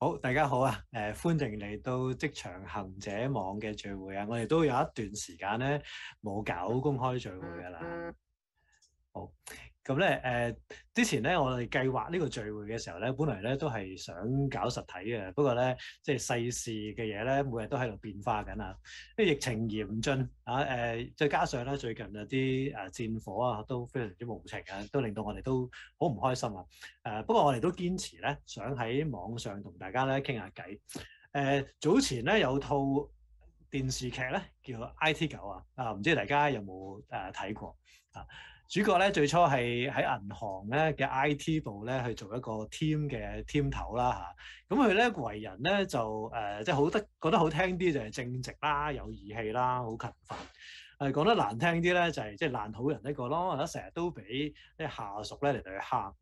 好，大家好啊！誒、呃，歡迎嚟到職場行者網嘅聚會啊！我哋都有一段時間呢冇搞公開聚會㗎啦。好。咁咧，誒、呃、之前咧，我哋計劃呢個聚會嘅時候咧，本嚟咧都係想搞實體嘅，不過咧，即係世事嘅嘢咧，每日都喺度變化緊啊！因為疫情嚴峻啊，誒，再加上咧最近有啲誒戰火啊都非常之無情啊，都令到我哋都好唔開心啊！誒，不過我哋都堅持咧，想喺網上同大家咧傾下偈。誒、啊，早前咧有套電視劇咧叫 IT 狗，啊《IT 狗》啊，啊，唔知大家有冇誒睇過啊？主角咧最初係喺銀行咧嘅 IT 部咧去做一個 team 嘅 team 頭啦嚇，咁佢咧為人咧就誒即係好得講得好聽啲就係正直啦，有義氣啦，好勤奮。誒講得難聽啲咧就係即係爛好人呢個咯，成日都俾啲下屬咧嚟到去蝦，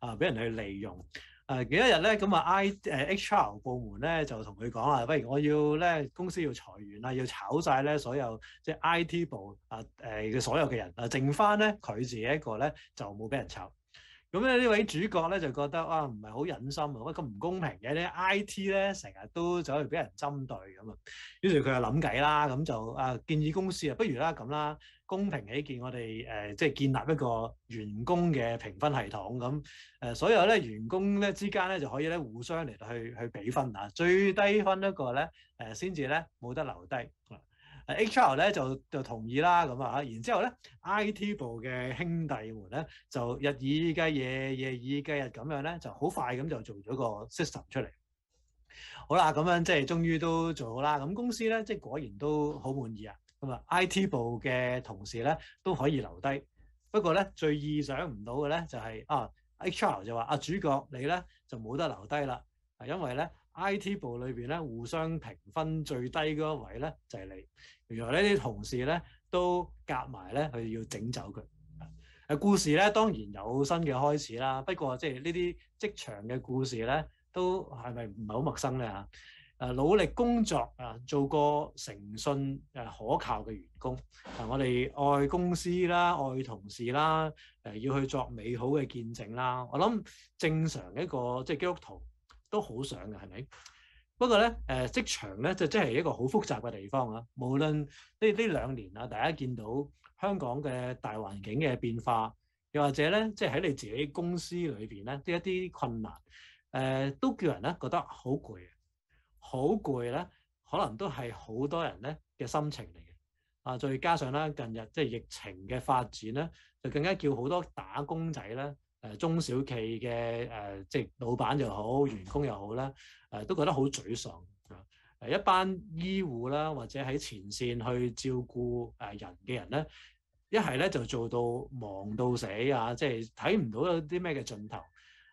誒俾人去利用。誒幾多日咧？咁啊 I 誒 HR 部門咧就同佢講話，喂我要咧公司要裁員啦，要炒晒咧所有即係 IT 部啊誒嘅所有嘅人啊，剩翻咧佢自己一個咧就冇俾人炒。咁咧呢位主角咧就覺得哇唔係好忍心啊，喂咁唔公平嘅，啲 I T 咧成日都走去俾人針對咁啊，於是佢就諗計啦，咁就啊建議公司啊，不如啦咁啦，公平起見我，我哋誒即係建立一個員工嘅評分系統咁，誒、呃、所有咧員工咧之間咧就可以咧互相嚟去去比分啊，最低分一個咧誒先至咧冇得留低。嗯。H.R. 咧就就同意啦，咁啊然之後咧 IT 部嘅兄弟們咧就日以繼夜夜以繼日咁樣咧，就好快咁就做咗個 system 出嚟。好啦，咁樣即係終於都做好啦。咁公司咧即係果然都好滿意啊。咁啊，IT 部嘅同事咧都可以留低。不過咧最意想唔到嘅咧就係啊，H.R. 就話啊主角你咧就冇得留低啦，係因為咧。I.T 部裏邊咧互相評分最低嗰位咧就係你。原來呢啲同事咧都夾埋咧，佢要整走佢。誒故事咧當然有新嘅開始啦，不過即係呢啲職場嘅故事咧都係咪唔係好陌生咧嚇？誒努力工作啊，做個誠信誒可靠嘅員工，我哋愛公司啦，愛同事啦，誒要去作美好嘅見證啦。我諗正常一個即係就是基督徒，都好想嘅，係咪？不過咧，誒、呃、職場咧就真係一個好複雜嘅地方啊！無論呢呢兩年啊，大家見到香港嘅大環境嘅變化，又或者咧，即係喺你自己公司裏邊咧，呢一啲困難，誒、呃、都叫人咧覺得好攰，好攰咧，可能都係好多人咧嘅心情嚟嘅。啊，再加上啦，近日即係疫情嘅發展咧，就更加叫好多打工仔咧。誒、呃、中小企嘅誒、呃，即係老闆又好，員工又好啦，誒、呃、都覺得好沮喪啊！誒、一班醫護啦，或者喺前線去照顧誒、呃、人嘅人咧，一係咧就做到忙到死啊！即係睇唔到有啲咩嘅盡頭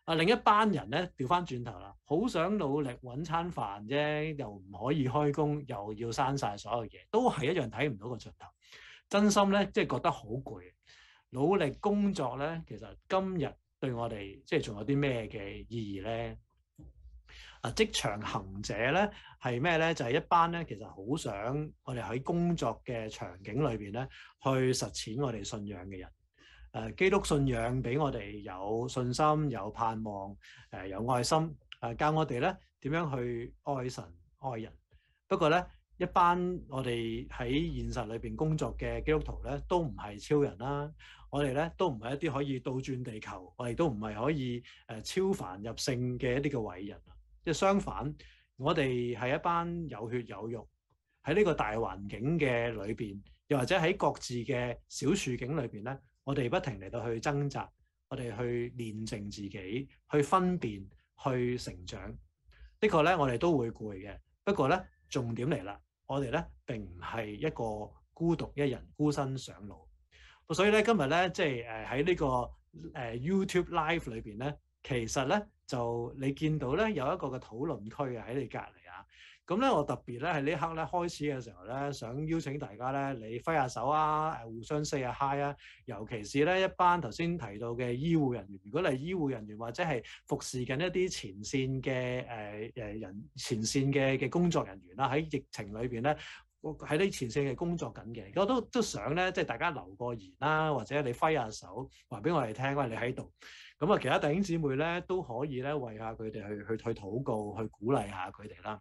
啊！另一班人咧掉翻轉頭啦，好想努力揾餐飯啫，又唔可以開工，又要刪晒所有嘢，都係一樣睇唔到個盡頭。真心咧，即係覺得好攰，努力工作咧，其實今日，對我哋即係仲有啲咩嘅意義咧？啊，職場行者咧係咩咧？就係、是、一班咧，其實好想我哋喺工作嘅場景裏邊咧，去實踐我哋信仰嘅人。誒、啊，基督信仰俾我哋有信心、有盼望、誒、呃、有愛心。誒、啊，教我哋咧點樣去愛神、愛人。不過咧。一班我哋喺現實裏邊工作嘅基督徒咧，都唔係超人啦、啊。我哋咧都唔係一啲可以倒轉地球，我哋都唔係可以誒超凡入聖嘅一啲嘅偉人。即係相反，我哋係一班有血有肉喺呢個大環境嘅裏邊，又或者喺各自嘅小處境裏邊咧，我哋不停嚟到去掙扎，我哋去煉淨自己，去分辨，去成長。的確咧，我哋都會攰嘅。不過咧，重點嚟啦～我哋咧並唔係一個孤獨一人，孤身上路，所以咧今日咧即係誒喺呢個誒、呃、YouTube Live 裏邊咧，其實咧就你見到咧有一個嘅討論區啊，喺你隔籬啊。咁咧，我特別咧喺呢一刻咧開始嘅時候咧，想邀請大家咧，你揮下手啊，誒互相 say 下 hi 啊，尤其是咧一班頭先提到嘅醫護人員，如果你係醫護人員或者係服侍緊一啲前線嘅誒誒人，前線嘅嘅工作人員啦、啊，喺疫情裏邊咧，喺啲前線嘅工作緊嘅，我都都想咧，即係大家留個言啦、啊，或者你揮下手，話俾我哋聽，話你喺度。咁啊，其他弟兄姊妹咧都可以咧為下佢哋去去去禱告，去鼓勵下佢哋啦。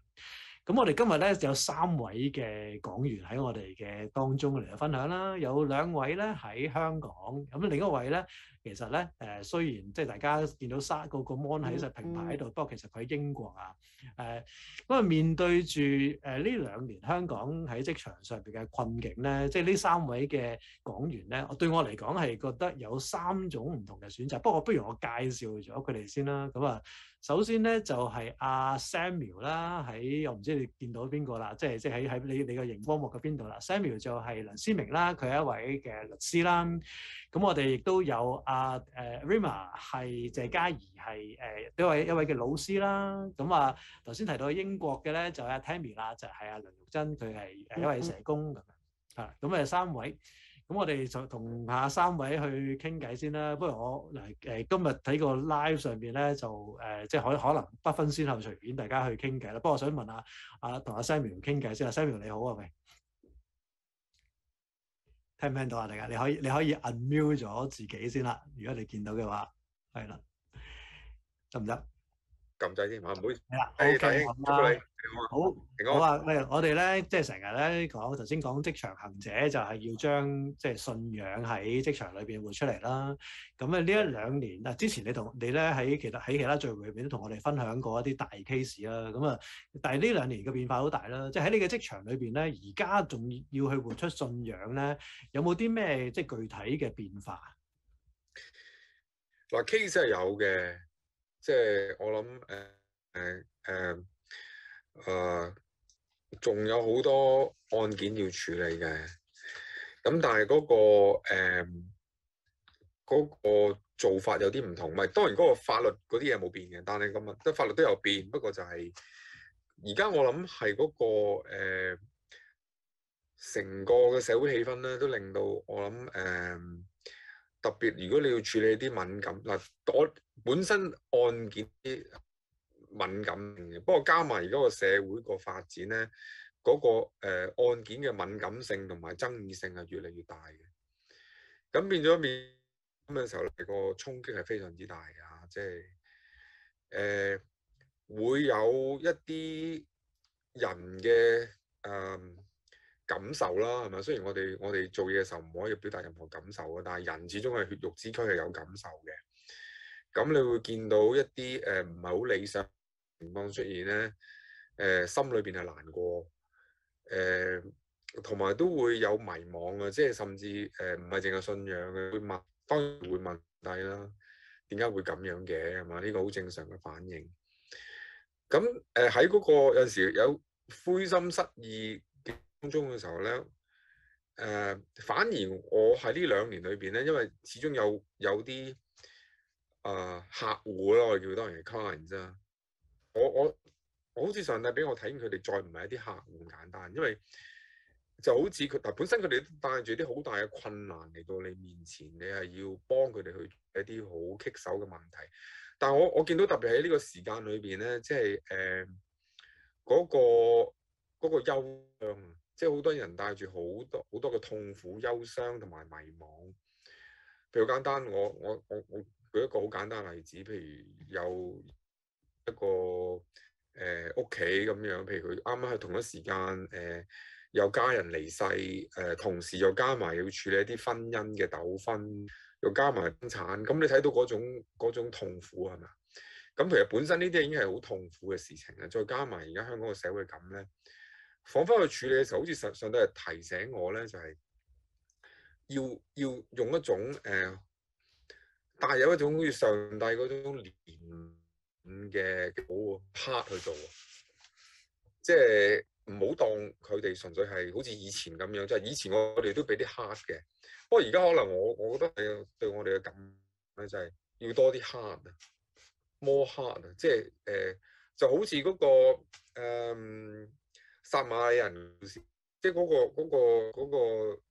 咁我哋今日咧就有三位嘅講員喺我哋嘅當中嚟嘅分享啦，有兩位咧喺香港，咁另一位咧。其實咧，誒、呃、雖然即係大家見到三個個 mon 喺曬平台喺度，不過、嗯嗯、其實佢喺英國啊，誒咁啊面對住誒呢兩年香港喺職場上邊嘅困境咧，即係呢三位嘅講員咧，對我嚟講係覺得有三種唔同嘅選擇。不過不如我介紹咗佢哋先啦。咁啊，首先咧就係、是、阿、啊、Samuel 啦，喺我唔知你見到邊個啦，即係即係喺喺你你個熒光幕嘅邊度啦。Samuel 就係梁思明啦，佢係一位嘅律師啦。咁我哋亦都有阿誒 Rima 係謝嘉儀，係誒一位一位嘅老師啦。咁啊頭先提到英國嘅咧就係阿 Tammy 啦，就係阿梁玉珍，佢係一位社工咁樣。係咁誒三位，咁我哋就同下三位去傾偈先啦。不如我誒今日睇個 live 上邊咧就誒、呃、即係可可能不分先後，隨便大家去傾偈啦。不過我想問下阿同阿 Samuel 傾偈先。阿 Samuel Sam 你好啊，咪？聽唔聽到啊？大家可你可以你可以 unmute 咗自己先啦。如果你見到嘅話，係啦，得唔得？撳掣先，唔、啊、好，好。係啦，O.K.，好，好啊，我哋咧，即係成日咧講，頭先講職場行者，就係要將即係信仰喺職場裏邊活出嚟啦。咁啊，呢一兩年啊，之前你同你咧喺其實喺其他聚會入面都同我哋分享過一啲大 case 啦。咁啊，但係呢兩年嘅變化好大啦。即係喺你嘅職場裏邊咧，而家仲要去活出信仰咧，有冇啲咩即係具體嘅變化嗱，case 係有嘅。即係我諗，誒誒誒，誒、呃，仲、呃、有好多案件要處理嘅，咁但係嗰、嗰個誒、呃嗰個做法有啲唔同，咪當然嗰個法律嗰啲嘢冇變嘅，但係今日即法律都有變，不過就係而家我諗係嗰個誒成、呃、個嘅社會氣氛咧，都令到我諗，誒、呃、特別如果你要處理啲敏感嗱、呃，我。本身案件敏感嘅，不過加埋而家個社會個發展咧，嗰個案件嘅敏感性同埋、那個呃、爭議性係越嚟越大嘅，咁變咗面咁嘅時候，那個衝擊係非常之大啊！即係誒會有一啲人嘅誒、呃、感受啦，係咪？雖然我哋我哋做嘢嘅時候唔可以表達任何感受嘅，但係人始終係血肉之軀係有感受嘅。咁你會見到一啲誒唔係好理想情況出現咧，誒、呃、心裏邊係難過，誒同埋都會有迷惘嘅，即係甚至誒唔係淨係信仰嘅，會問當然會問底啦，點解會咁樣嘅係嘛？呢、這個好正常嘅反應。咁誒喺嗰個有時有灰心失意嘅當中嘅時候咧，誒、呃、反而我喺呢兩年裏邊咧，因為始終有有啲。啊、呃！客戶咯，我叫多人係 client 啫。我我我好似上帝俾我睇佢哋再唔係一啲客戶咁簡單，因為就好似佢，但本身佢哋帶住啲好大嘅困難嚟,到你面前，你係要幫佢哋去一啲好棘手嘅問題。但係我我見到特別喺呢個時間裏邊咧，即係誒嗰個嗰、嗰個憂傷，即係好多人帶住好多好多嘅痛苦、憂傷同埋迷惘。譬如簡單，我我我我。我我舉一個好簡單例子，譬如有一個誒屋、呃、企咁樣，譬如佢啱啱喺同一時間誒有家人離世，誒、呃、同時又加埋要處理一啲婚姻嘅糾紛，又加埋產，產，咁你睇到嗰種，種痛苦係咪啊？咁其實本身呢啲已經係好痛苦嘅事情啦，再加埋而家香港嘅社會咁咧，彷彿去處理嘅時候，好似實上都係提醒我咧，就係、是、要要用一種誒。呃但係有一種好似上帝嗰種連五嘅好 hard 去做，即係唔好當佢哋純粹係好似以前咁樣，即係以前我哋都俾啲 hard 嘅，不過而家可能我我覺得係對我哋嘅感就係要多啲 hard 啊 more hard 啊，即係誒就好似嗰個誒撒瑪利人，即係嗰個嗰個嗰個。那個那個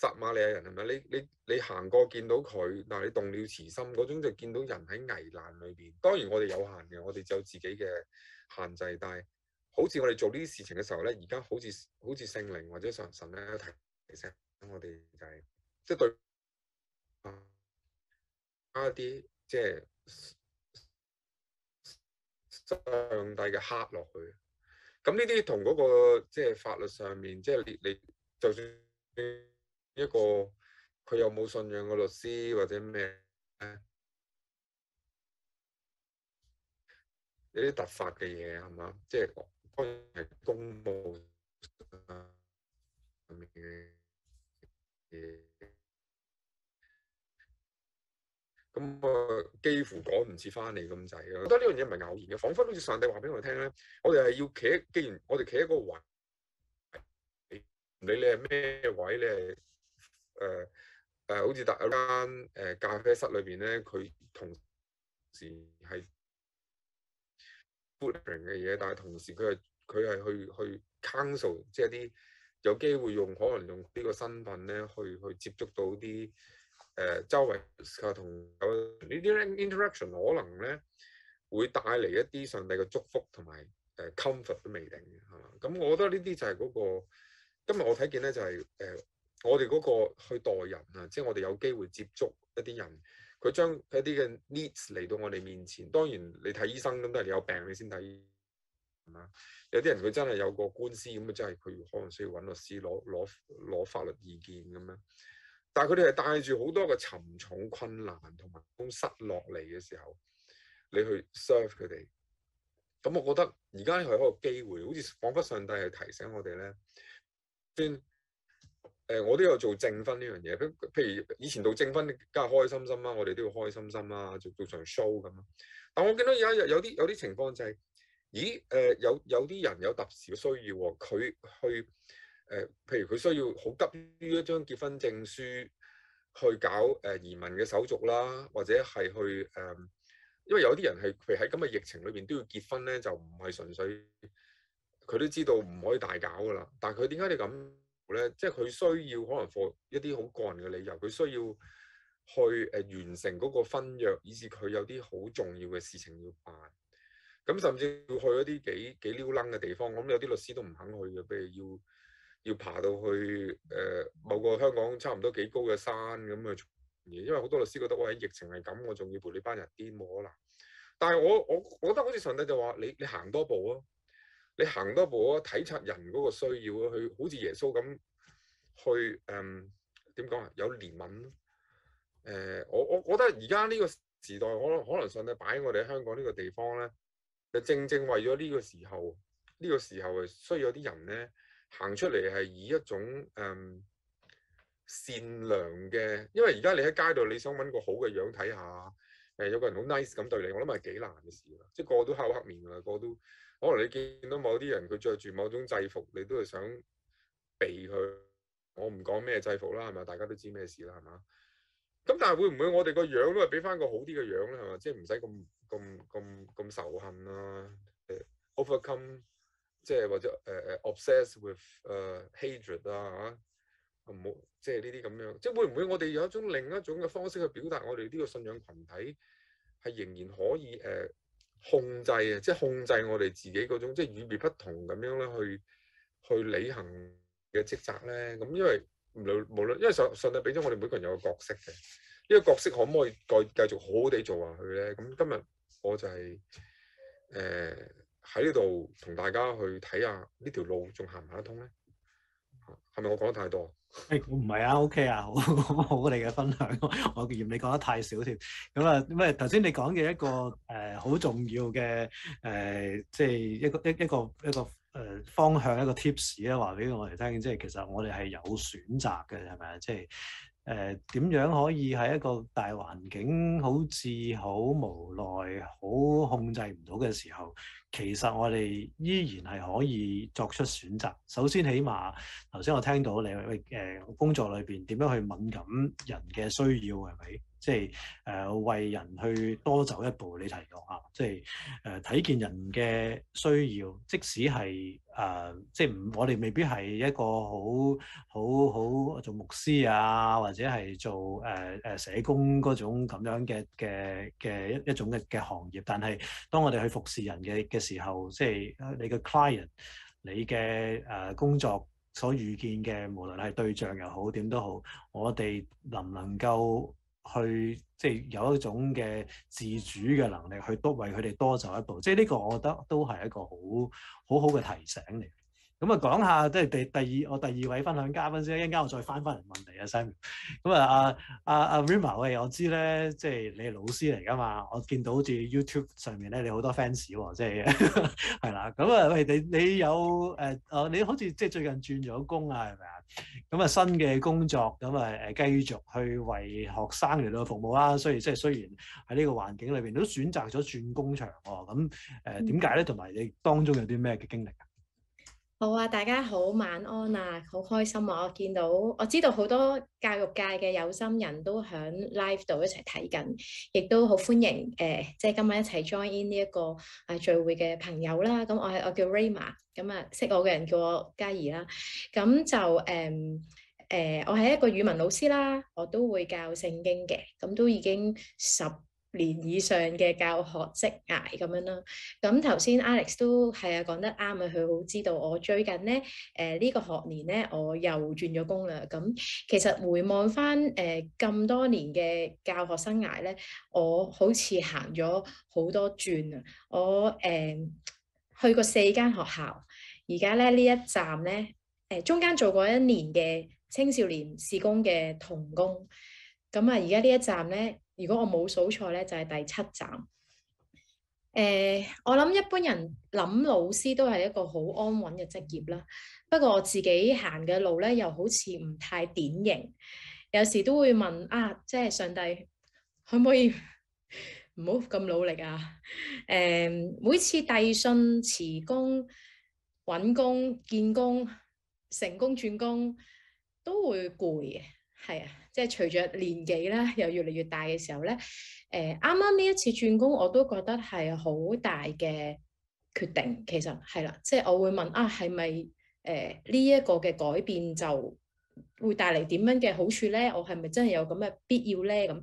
撒馬利亞人係咪？你你你行過見到佢，但你動了慈心嗰種，就見到人喺危難裏邊。當然我哋有限嘅，我哋有自己嘅限制，但係好似我哋做呢啲事情嘅時候咧，而家好似好似聖靈或者上神咧提醒我哋就係即係對加一啲即係上帝嘅黑落去。咁呢啲同嗰個即係法律上面，即係你你就算。一個佢有冇信仰嘅律師或者咩？有啲突發嘅嘢係嘛？即係當然係公務咁啊！幾乎趕唔切翻嚟咁滯啊！我覺得呢樣嘢唔係偶然嘅，彷彿好似上帝話俾我聽咧，我哋係要企，既然我哋企一個位，你你係咩位，你誒誒、呃，好似大一間誒咖啡室裏邊咧，佢同時係 booting 嘅嘢，但係同時佢又佢係去去 counsel，即係啲有機會用可能用呢個身份咧，去去接觸到啲誒、呃、周圍同有呢啲 interaction，可能咧會帶嚟一啲上帝嘅祝福同埋誒 comfort 都未定嘅，係嘛？咁我覺得呢啲就係嗰、嗰個今日我睇見咧、就係，就係誒。我哋嗰個去待人啊，即係我哋有機會接觸一啲人，佢將一啲嘅 needs 嚟到我哋面前。當然，你睇醫生咁都係你有病你先睇，係嘛？有啲人佢真係有個官司咁啊，真係佢可能需要揾律師攞攞攞法律意見咁樣。但係佢哋係帶住好多嘅沉重困難同埋種失落嚟嘅時候，你去 serve 佢哋。咁我覺得而家係一個機會，好似彷彿上帝係提醒我哋咧，誒，我都有做證婚呢樣嘢，譬如以前做證婚，梗係開心心啦，我哋都要開心心啦，做做場 show 咁啊。但我見到而家有有啲有啲情況就係，咦？誒，有有啲人有特殊嘅需要，佢去誒，譬如佢需要好急於一張結婚證書，去搞誒，移民嘅手續啦，或者係去誒，因為有啲人係譬如喺咁嘅疫情裏邊都要結婚咧，就唔係純粹，佢都知道唔可以大搞㗎啦。但係佢點解你咁？咧，即係佢需要可能 for 一啲好個人嘅理由，佢需要去誒、呃、完成嗰個婚約，以至佢有啲好重要嘅事情要辦。咁甚至要去一啲幾撩僆嘅地方，咁有啲律師都唔肯去嘅，譬如要要爬到去誒、呃、某個香港差唔多幾高嘅山咁啊！因為好多律師覺得我喺疫情係咁，我仲要陪你班人癲，冇可能。但係我我覺得好似上帝就話你你行多步啊！你行多步咯，睇察人嗰個需要咯，去好似耶穌咁去誒點講啊？有憐憫誒，我我覺得而家呢個時代可可能上帝擺喺我哋喺香港呢個地方咧，就正正為咗呢個時候，呢、這個時候誒，需要有啲人咧行出嚟係以一種誒、嗯、善良嘅，因為而家你喺街度，你想揾個好嘅樣睇下。誒，有個人好 nice 咁對你，我諗咪係幾難嘅事咯。即係個個都黑口黑面啊，個個都可能你見到某啲人佢着住某種制服，你都係想避佢。我唔講咩制服啦，係嘛，大家都知咩事啦，係嘛。咁但係會唔會我哋個樣都係俾翻個好啲嘅樣咧？係嘛，即係唔使咁咁咁咁仇恨啦。Overcome 即係或者誒誒、uh, obsess with 誒、uh, hatred 啦、啊、係嘛。冇，即係呢啲咁樣，即係會唔會我哋有一種另一種嘅方式去表達我哋呢個信仰群體係仍然可以誒、呃、控制啊，即係控制我哋自己嗰種即係與別不同咁樣咧，去去履行嘅職責咧。咁、嗯、因為無論因為上上帝，俾咗我哋每個人有個角色嘅，呢、呢個角色可唔可以再繼續好好地做下去咧？咁、嗯、今日我就係誒喺呢度同大家去睇下呢條路仲行唔行得通咧？係咪我講得太多？我唔係啊，OK 啊，好好，好，好你嘅分享， 我嫌你講得太少添。咁、嗯、啊，咩頭先你講嘅一個誒好、呃、重要嘅誒、呃，即係一個一一個一個誒、呃、方向一個 tips 咧、呃，話俾我哋聽，即係其實我哋係有選擇嘅，係咪啊？即係誒點樣可以喺一個大環境好似好無奈好控制唔到嘅時候？其實我哋依然係可以作出選擇。首先起碼，起碼頭先我聽到你誒、呃、工作裏邊點樣去敏感人嘅需要係咪？即係誒、呃、為人去多走一步，你提到，啊？即係誒睇見人嘅需要，即使係誒、呃、即係唔我哋未必係一個好好好做牧師啊，或者係做誒誒、呃、社工嗰種咁樣嘅嘅嘅一一種嘅嘅行業。但係當我哋去服侍人嘅嘅嘅時候，即係你嘅 client、你嘅誒工作所遇見嘅，無論係對象又好點都好，我哋能唔能夠去即係有一種嘅自主嘅能力，去多為佢哋多走一步？即係呢個我覺得都係一個好好好嘅提醒嚟。咁啊，講下即係第第二，我第二位分享嘉賓先，一陣間我再返返嚟問你、Sam、啊 s a m o n 咁啊啊啊啊，Rima，喂，我知咧，即係你係老師嚟噶嘛？我見到好似 YouTube 上面咧、啊 嗯呃，你好多 fans 喎，即係係啦。咁啊，喂，你你有誒哦？你好似即係最近轉咗工啊，係咪啊？咁啊，新嘅工作咁啊，誒、嗯、繼續去為學生嚟到服務啦、啊。所以雖然即係雖然喺呢個環境裏邊，都選擇咗轉工場喎、啊。咁誒點解咧？同、呃、埋你當中有啲咩嘅經歷？好啊！大家好，晚安啊！好開心啊！我見到我知道好多教育界嘅有心人都喺 live 度一齊睇緊，亦都好歡迎誒、呃，即係今晚一齊 join in 呢、這、一個啊聚會嘅朋友啦。咁我係我叫 Rayma，咁、嗯、啊識我嘅人叫我嘉儀啦。咁就誒誒、呃呃，我係一個語文老師啦，我都會教聖經嘅，咁、嗯、都已經十年以上嘅教學職涯咁樣咯，咁頭先 Alex 都係啊講得啱啊，佢好知道我最近呢，誒、呃、呢、這個學年呢，我又轉咗工啦。咁其實回望翻誒咁多年嘅教學生涯呢，我好似行咗好多轉啊！我誒、呃、去過四間學校，而家咧呢一站呢，誒、呃、中間做過一年嘅青少年事工嘅童工，咁啊而家呢一站呢。如果我冇數錯呢，就係、是、第七站。誒、呃，我諗一般人諗老師都係一個好安穩嘅職業啦。不過我自己行嘅路呢，又好似唔太典型。有時都會問啊，即係上帝可唔可以唔好咁努力啊？誒、呃，每次遞信、辭工、揾工、見工、成功轉工，都會攰嘅，係啊。即係隨着年紀咧，又越嚟越大嘅時候咧，誒、啱啱呢一次轉工，我都覺得係好大嘅決定。其實係啦，即係、就是、我會問啊，係咪、誒呢一個嘅改變就會帶嚟點樣嘅好處咧？我係咪真係有咁嘅必要咧？咁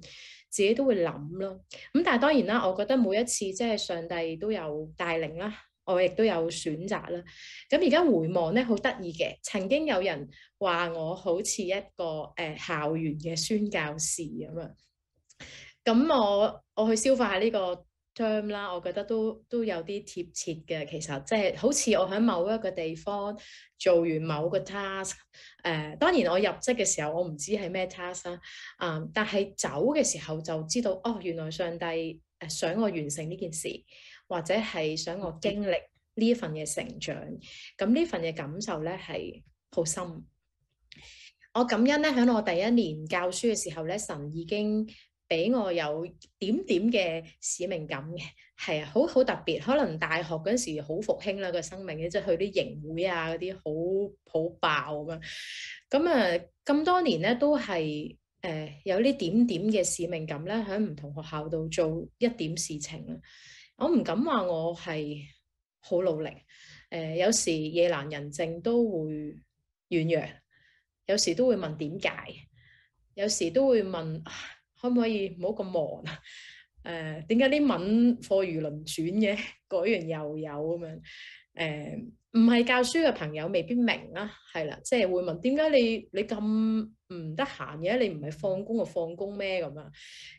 自己都會諗咯。咁但係當然啦，我覺得每一次即係上帝都有帶領啦。我亦都有選擇啦，咁而家回望呢，好得意嘅。曾經有人話我好似一個誒、呃、校園嘅宣教士咁樣，咁我我去消化下呢個 term 啦，我覺得都都有啲貼切嘅。其實即係好似我喺某一個地方做完某個 task，誒、呃、當然我入職嘅時候我唔知係咩 task 啦，啊，但係走嘅時候就知道哦，原來上帝誒想我完成呢件事。或者係想我經歷呢一份嘅成長，咁呢份嘅感受咧係好深。我感恩咧，喺我第一年教書嘅時候咧，神已經俾我有點點嘅使命感嘅，係啊，好好特別。可能大學嗰時好復興啦個生命嘅，即係去啲營會啊嗰啲，好好爆咁樣。咁啊，咁多年咧都係誒、呃、有呢點點嘅使命感咧，喺唔同學校度做一點事情啦。我唔敢話我係好努力，誒、呃，有時夜闌人靜都會軟弱，有時都會問點解，有時都會問可唔可以唔好咁忙啊？誒、呃，點解啲文貨如輪轉嘅，改完又有咁樣？誒、呃，唔係教書嘅朋友未必明啦、啊，係啦，即係會問點解你你咁唔得閒嘅？你唔係放工就放工咩咁啊？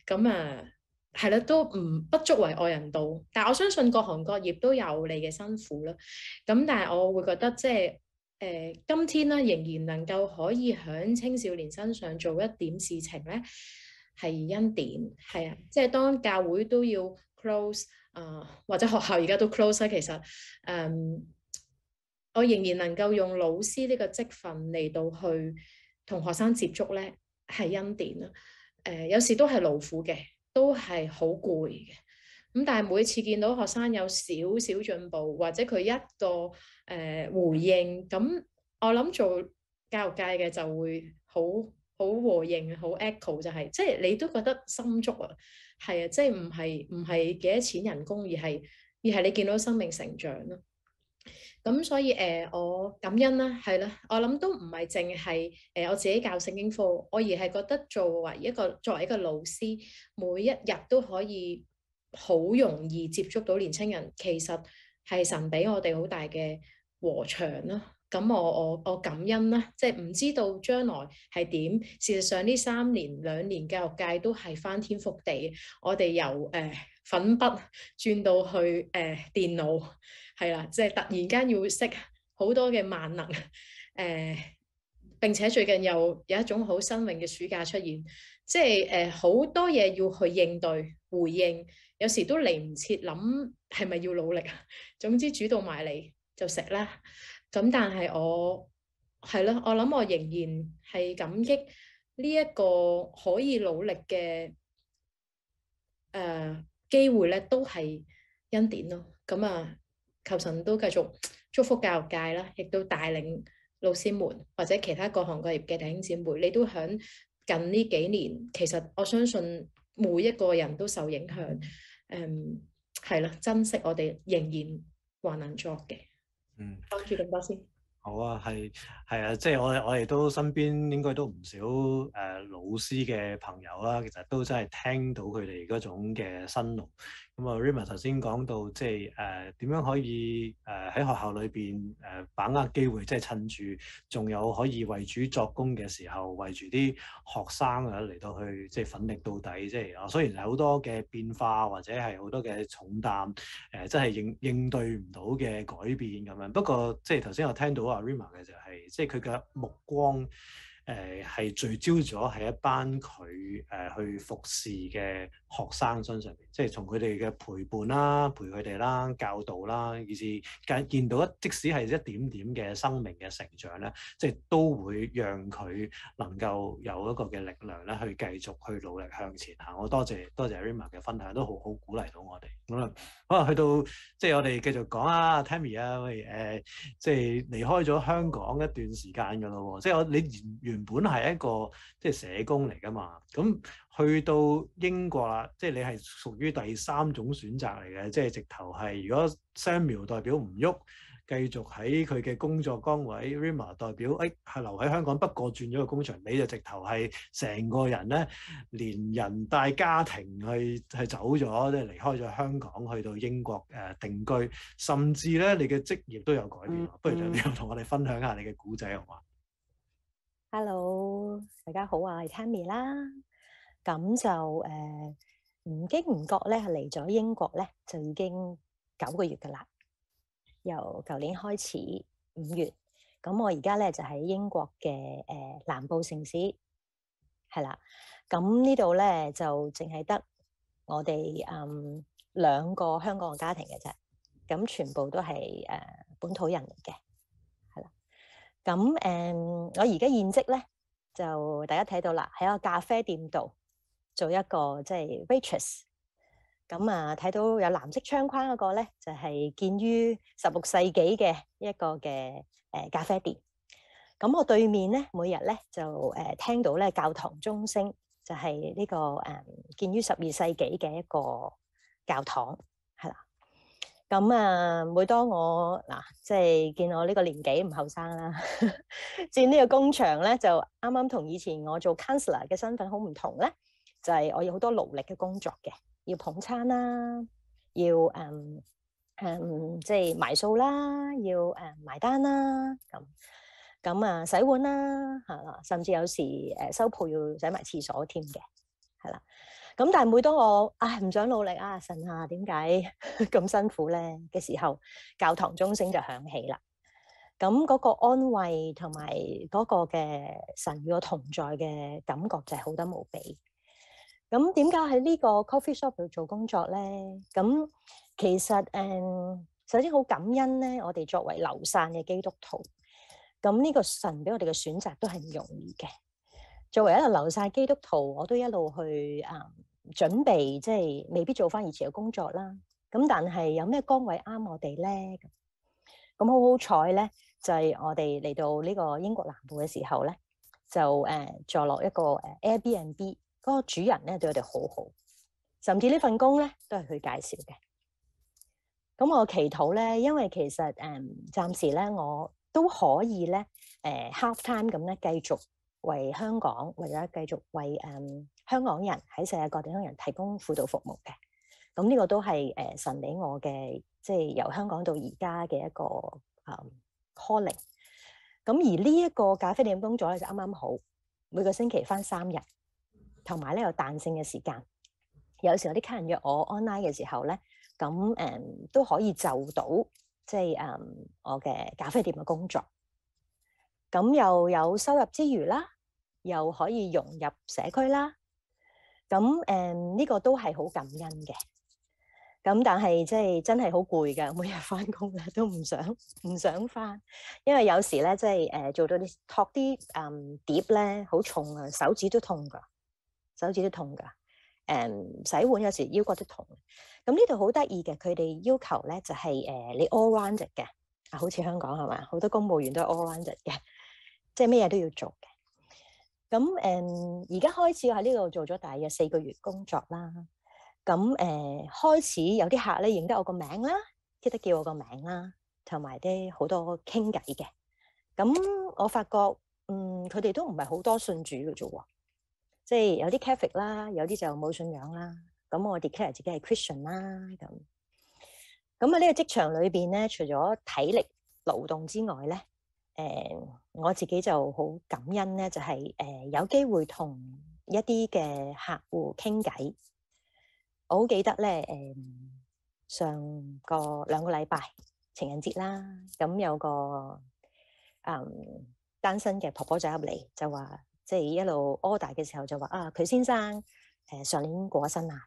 咁啊？呃係啦，都唔不足為外人道。但係我相信各行各業都有你嘅辛苦啦。咁但係我會覺得即係誒、呃，今天咧仍然能夠可以喺青少年身上做一點事情咧，係恩典係啊。即係當教會都要 close 啊、呃，或者學校而家都 close 其實誒、呃，我仍然能夠用老師呢個職份嚟到去同學生接觸咧，係恩典啦。誒、呃，有時都係勞苦嘅。都係好攰嘅，咁但係每次見到學生有少少進步，或者佢一個誒、呃、回應，咁我諗做教育界嘅就會好好和應，好 echo 就係、係，即係你都覺得心足啊，係啊，即係唔係唔係幾多錢人工，而係而係你見到生命成長咯。咁所以誒、呃，我感恩啦，係啦，我諗都唔係淨係誒，我自己教聖經課，我而係覺得作為一個作為一個老師，每一日都可以好容易接觸到年青人，其實係神俾我哋好大嘅和暢啦。咁我我我感恩啦，即係唔知道將來係點。事實上呢三年兩年教育界都係翻天覆地，我哋由誒、呃、粉筆轉到去誒、呃、電腦。係啦，即係突然間要識好多嘅萬能誒、呃，並且最近又有一種好新穎嘅暑假出現，即係誒好多嘢要去應對、回應，有時都嚟唔切諗係咪要努力啊？總之主動埋嚟就食啦。咁但係我係咯，我諗我仍然係感激呢一個可以努力嘅誒、呃、機會咧，都係恩典咯。咁啊～求神都繼續祝福教育界啦，亦都帶領老師們或者其他各行各業嘅弟兄姊妹，你都響近呢幾年，其實我相信每一個人都受影響。誒、嗯，係啦，珍惜我哋仍然還能作嘅。嗯，多住咁多先。好啊，係係啊，即係、就是、我我哋都身邊應該都唔少誒、呃、老師嘅朋友啦，其實都真係聽到佢哋嗰種嘅辛勞。咁啊，Rima 頭先講到，即係誒點樣可以誒喺、呃、學校裏邊誒把握機會，即係趁住仲有可以為主作工嘅時候，為住啲學生啊嚟到去即係奮力到底。即係雖然好多嘅變化，或者係好多嘅重擔，誒真係應應對唔到嘅改變咁樣。不過即係頭先我聽到阿、啊、Rima 嘅就係、是，即係佢嘅目光。誒係、呃、聚焦咗喺一班佢誒、呃、去服侍嘅學生身上邊，即係從佢哋嘅陪伴啦、陪佢哋啦、教導啦，而係見見到一即使係一點點嘅生命嘅成長咧，即係都會讓佢能夠有一個嘅力量咧，去繼續去努力向前。嚇，我多謝多謝 Rima 嘅分享，都好好鼓勵到我哋咁啊。好啊，去到即係我哋繼續講啊，Tammy 啊，誒、啊呃、即係離開咗香港一段時間㗎咯喎，即係我你原本係一個即係社工嚟噶嘛，咁去到英國啦，即係你係屬於第三種選擇嚟嘅，即係直頭係如果 Samuel 代表唔喐，繼續喺佢嘅工作崗位，Rima 代表誒係、哎、留喺香港，不過轉咗個工場，你就直頭係成個人咧，連人帶家庭去係走咗，即係離開咗香港去到英國誒、呃、定居，甚至咧你嘅職業都有改變。不如就點樣同我哋分享下你嘅古仔好嘛？Hello，大家好啊，我係 Tammy 啦。咁就誒，唔經唔覺咧，係嚟咗英國咧，就已經九個月噶啦。由舊年開始五月，咁我而家咧就喺英國嘅誒、呃、南部城市係啦。咁呢度咧就淨係得我哋誒、嗯、兩個香港嘅家庭嘅啫。咁全部都係誒、呃、本土人嚟嘅。咁誒，我而家現職咧，就大家睇到啦，喺個咖啡店度做一個即係 waitress。咁啊，睇到有藍色窗框嗰個咧，就係建於十六世紀嘅一個嘅誒咖啡店。咁我對面咧，每日咧就誒聽到咧教堂鐘聲，就係呢個誒建於十二世紀嘅一個教堂。咁啊，每當我嗱、啊，即係見我呢個年紀唔後生啦，轉 呢個工場咧，就啱啱同以前我做 counselor 嘅身份好唔同咧，就係、是、我有好多勞力嘅工作嘅，要捧餐啦，要嗯嗯，即係埋數啦，要誒、嗯、埋單啦，咁咁啊洗碗啦，係啦，甚至有時誒收鋪要洗埋廁所添嘅，係啦。咁但係每當我唉，唔想努力啊，神啊，點解咁辛苦咧嘅時候，教堂鐘聲就響起啦。咁嗰個安慰同埋嗰個嘅神與我同在嘅感覺就係好得無比。咁點解喺呢個 coffee shop 度做工作咧？咁其實誒、嗯，首先好感恩咧，我哋作為流散嘅基督徒，咁呢個神俾我哋嘅選擇都係唔容易嘅。作為一路流晒基督徒，我都一路去啊、嗯、準備，即係未必做翻以前嘅工作啦。咁但係有咩崗位啱我哋咧？咁好好彩咧，就係、是、我哋嚟到呢個英國南部嘅時候咧，就誒坐落一個誒 Airbnb，嗰個主人咧對我哋好好，甚至呢份工咧都係佢介紹嘅。咁我祈禱咧，因為其實誒暫、嗯、時咧我都可以咧誒 half time 咁咧繼續。為香港，或者繼續為誒、嗯、香港人喺世界各地香港人提供輔導服務嘅，咁、嗯、呢、呢個都係誒、呃、神俾我嘅，即係由香港到而家嘅一個誒、嗯、calling。咁而呢一個咖啡店工作咧就啱啱好，每個星期返三日，同埋咧有彈性嘅時間，有時候有啲客人約我 online 嘅時候咧，咁、嗯、誒都可以就到即係誒、嗯、我嘅咖啡店嘅工作，咁、嗯、又有收入之餘啦。又可以融入社區啦，咁誒呢個都係好感恩嘅。咁但係即係真係好攰噶，每日返工咧都唔想唔想返，因為有時咧即係誒、呃、做到啲托啲誒、嗯、碟咧好重啊，手指都痛噶，手指都痛噶。誒、嗯、洗碗有時腰骨都痛。咁呢度好得意嘅，佢哋要求咧就係、是、誒、呃、你 all round 嘅啊，好似香港係嘛，好多公務員都係 all round 嘅，即係咩嘢都要做嘅。咁誒，而家、嗯、開始我喺呢度做咗大約四個月工作啦。咁誒、呃，開始有啲客咧認得我個名啦，記得叫我個名啦，同埋啲好多傾偈嘅。咁我發覺，嗯，佢哋都唔係好多信主嘅啫喎，即係有啲 Catholic 啦，有啲就冇信仰啦。咁我哋 declare 自己係 Christian 啦。咁咁啊，呢個職場裏邊咧，除咗體力勞動之外咧。誒、嗯、我自己就好感恩咧，就係、是、誒、呃、有機會同一啲嘅客戶傾偈，我好記得咧誒、嗯、上個兩個禮拜情人節啦，咁、嗯、有個誒、嗯、單身嘅婆婆仔入嚟，就話即係一路 order 嘅時候就話啊，佢先生誒、呃、上年過咗身啦，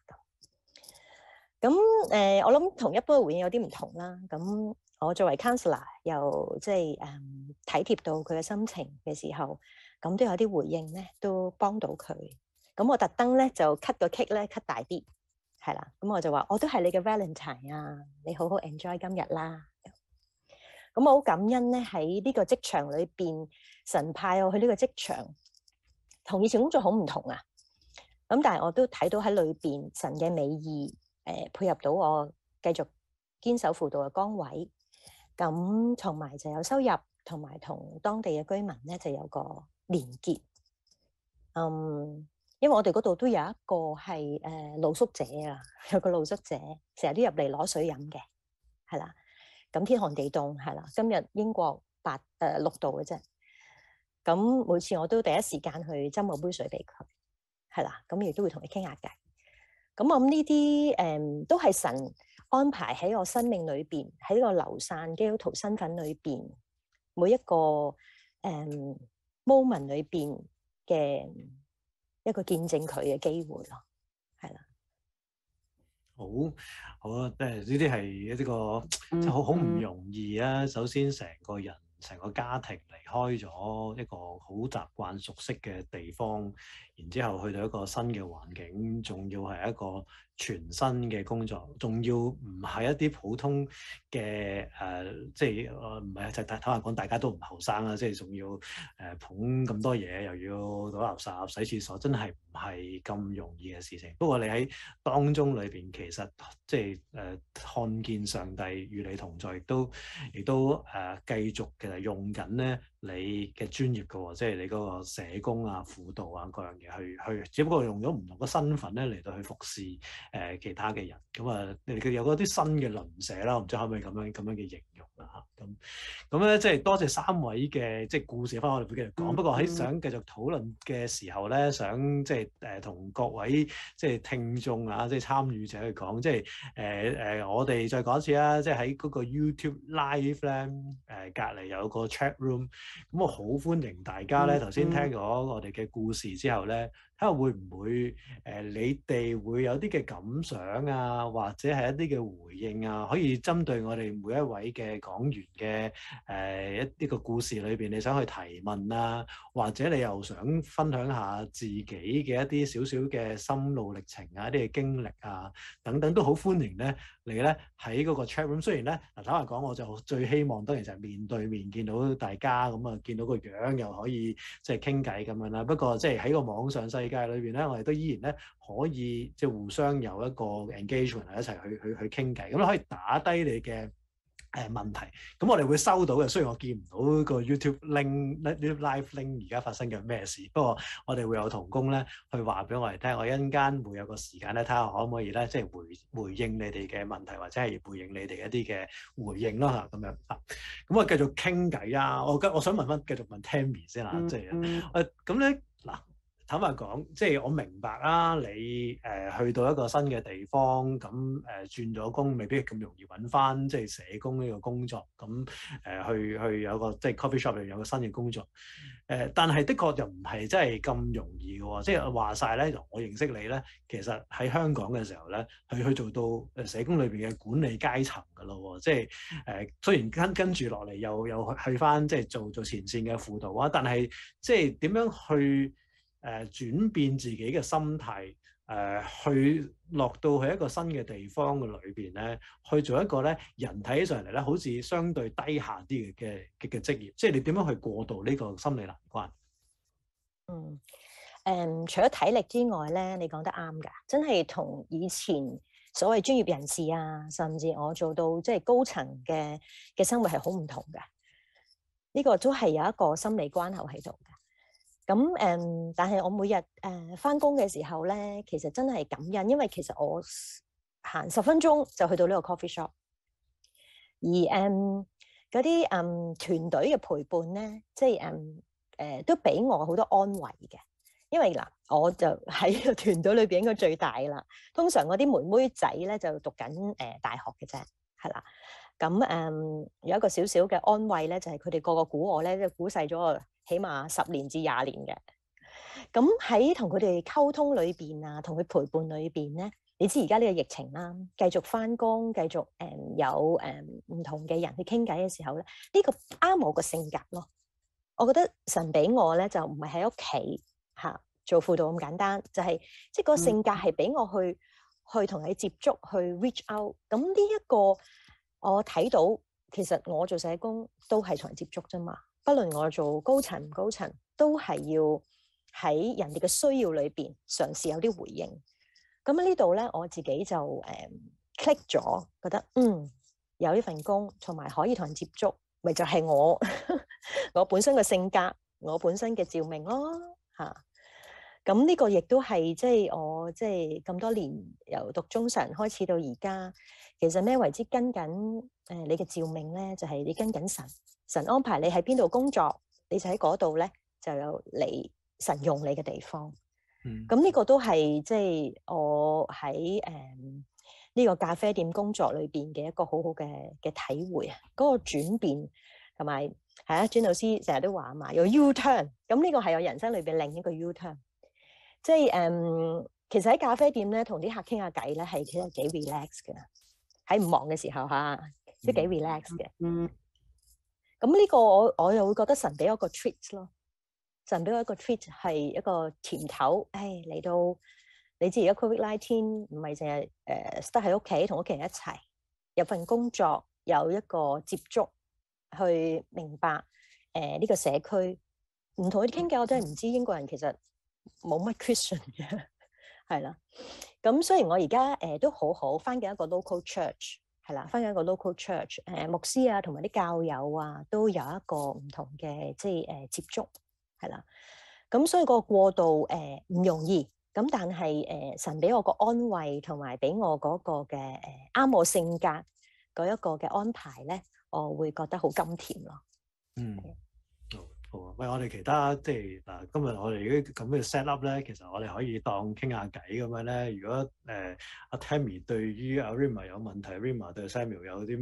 咁、嗯、誒、嗯嗯、我諗同一般嘅回應有啲唔同啦，咁、嗯。我作為 counselor 又即係誒、嗯、體貼到佢嘅心情嘅時候，咁都有啲回應咧，都幫到佢。咁我特登咧就 cut 個 cake 咧 cut 大啲，係啦。咁我就話：我都係你嘅 Valentine 啊！你好好 enjoy 今日啦。咁我好感恩咧喺呢個職場裏邊，神派我去呢個職場，同以前工作好唔同啊。咁但係我都睇到喺裏邊神嘅美意誒、呃，配合到我繼續堅守輔導嘅崗位。咁同埋就有收入，同埋同當地嘅居民咧就有個連結。嗯，因為我哋嗰度都有一個係誒露宿者啊，有個露宿者成日都入嚟攞水飲嘅，係啦。咁，嗯，天寒地凍係啦，今日英國八誒六度嘅啫。咁，嗯，每次我都第一時間去斟我杯水俾佢，係啦。咁，嗯，亦都會同佢傾下偈。咁我諗呢啲誒都係神安排喺我生命裏邊，喺呢個流散基督徒身份裏邊，每一個誒 moment 裏邊嘅一個見證佢嘅機會咯，係啦。好好啊，即係呢啲係一啲個，即係好好唔容易啊！嗯嗯、首先，成個人、成個家庭離開咗一個好習慣、熟悉嘅地方。然之後去到一個新嘅環境，仲要係一個全新嘅工作，仲要唔係一啲普通嘅誒、呃，即係唔係就坦白講，大家都唔後生啦，即係仲要誒捧咁多嘢，又要倒垃圾、洗廁所，真係唔係咁容易嘅事情。不過你喺當中裏邊，其實即係誒、呃、看見上帝與你同在，亦都亦都誒繼、呃、續其用緊咧。你嘅專業㗎喎，即係你嗰個社工啊、輔導啊各樣嘢去去，只不過用咗唔同嘅身份咧嚟到去服侍誒、呃、其他嘅人，咁啊你哋有嗰啲新嘅鄰舍啦，我唔知可唔可以咁樣咁樣嘅形？啊！咁咁咧，即係多謝三位嘅即係故事，翻我哋會繼續講。不過喺想繼續討論嘅時候咧，想即係誒同各位即係聽眾啊，即係參與者去講，即係誒誒，我哋再講一次啦，即係喺嗰個 YouTube Live 咧誒隔籬有個 Chat Room，咁我好歡迎大家咧。頭先聽咗我哋嘅故事之後咧。睇下會唔會誒、呃，你哋會有啲嘅感想啊，或者係一啲嘅回應啊，可以針對我哋每一位嘅講員嘅誒一啲個故事裏邊，你想去提問啊，或者你又想分享下自己嘅一啲少少嘅心路歷程啊，一啲嘅經歷啊等等，都好歡迎咧。你咧喺嗰個 chatroom，雖然咧嗱坦白講，我就最希望當然就係面對面見到大家咁啊、嗯，見到個樣又可以即係傾偈咁樣啦。不過即係喺個網上世界裏邊咧，我哋都依然咧可以即係互相有一個 engagement，一齊去去去傾偈，咁可以打低你嘅誒問題。咁我哋會收到嘅，雖然我見唔到個 YouTube link、呢啲 live link 而家發生緊咩事，不過我哋會有同工咧去話俾我哋聽。我一陣間會有個時間咧，睇下我可唔可以咧，即係回回應你哋嘅問題，或者係回應你哋一啲嘅回應咯嚇，咁樣啊。咁我繼續傾偈啊！我我想問翻，繼續問 Tammy 先啦，即係誒咁咧。坦白講，即係我明白啦，你誒、呃、去到一個新嘅地方，咁誒、呃、轉咗工，未必咁容易揾翻，即係社工呢個工作，咁誒、呃、去去有個即係 coffee shop 有個新嘅工作，誒、呃，但係的確又唔係真係咁容易嘅喎，即係話晒咧，我認識你咧，其實喺香港嘅時候咧，去去做到誒社工裏邊嘅管理階層㗎咯喎，即係誒、呃、雖然跟跟住落嚟又又去翻即係做做，做前線嘅輔導啊，但係即係點樣去？誒，轉、呃、變自己嘅心態，誒、呃，去落到去一個新嘅地方嘅裏邊咧，去做一個咧人睇起上嚟，咧好似相對低下啲嘅嘅嘅職業，即係你點樣去過渡呢個心理難關？嗯，誒、呃，除咗體力之外咧，你講得啱噶，真係同以前所謂專業人士啊，甚至我做到即係高層嘅嘅生活係好唔同嘅，呢、這個都係有一個心理關口喺度嘅。咁誒、嗯，但係我每日誒返工嘅時候咧，其實真係感恩，因為其實我行十分鐘就去到呢個 coffee shop，而誒嗰啲誒團隊嘅陪伴咧，即係誒誒都俾我好多安慰嘅，因為嗱，我就喺個團隊裏邊應該最大啦。通常嗰啲妹妹仔咧就讀緊誒、呃、大學嘅啫，係啦。咁誒、嗯、有一個少少嘅安慰咧，就係佢哋個個估我咧，就估細咗我。起碼十年至廿年嘅。咁喺同佢哋溝通裏邊啊，同佢陪伴裏邊咧，你知而家呢個疫情啦，繼續翻工，繼續誒有誒唔同嘅人去傾偈嘅時候咧，呢個啱我個性格咯。我覺得神俾我咧就唔係喺屋企吓做輔導咁簡單，就係即係個性格係俾我去去同佢接觸，去 reach out。咁呢一個我睇到，其實我做社工都係同人接觸啫嘛。不論我做高層唔高層，都係要喺人哋嘅需要裏邊嘗試有啲回應。咁呢度咧，我自己就誒、um, click 咗，覺得嗯有呢份工，同埋可以同人接觸，咪就係、是、我 我本身嘅性格，我本身嘅召命咯吓。咁呢個亦都係即係我即係咁多年由讀中神開始到而家，其實咩為之跟緊誒、呃、你嘅召命咧？就係、是、你跟緊神，神安排你喺邊度工作，你就喺嗰度咧就有嚟神用你嘅地方。咁呢、嗯、個都係即係我喺誒呢個咖啡店工作裏邊嘅一個好好嘅嘅體會、那個、啊！嗰個轉變同埋係啊，張老師成日都話啊嘛，有 U turn 咁、嗯、呢、這個係我人生裏邊另一個 U turn。即係誒、嗯，其實喺咖啡店咧，同啲客傾下偈咧，係其實幾 relax 嘅。喺唔忙嘅時候吓，即都幾 relax 嘅。嗯。咁呢個我我又會覺得神俾我一個 treat 咯，神俾我一個 treat 係一個甜頭。誒、哎，嚟到你知而 CO、呃、家 COVID nineteen 唔係淨係誒得喺屋企同屋企人一齊，有份工作，有一個接觸，去明白誒呢、呃這個社區。唔同佢哋傾偈，我都係唔知英國人其實。冇乜 Christian 嘅，係 啦。咁雖然我而家誒都好好，翻緊一個 local church，係啦，翻緊一個 local church、呃。誒牧師啊，同埋啲教友啊，都有一個唔同嘅，即係誒、呃、接觸，係啦。咁所以個過渡誒唔、呃、容易，咁但係誒、呃、神俾我個安慰，同埋俾我嗰個嘅誒啱我性格嗰一個嘅安排咧，我會覺得好甘甜咯。嗯。喂，我哋其他即係嗱，今日我哋啲咁嘅 set up 咧，其實我哋可以當傾下偈咁樣咧。如果誒阿、呃、Tammy 對於阿 Rima 有問題，Rima 對 Samuel 有啲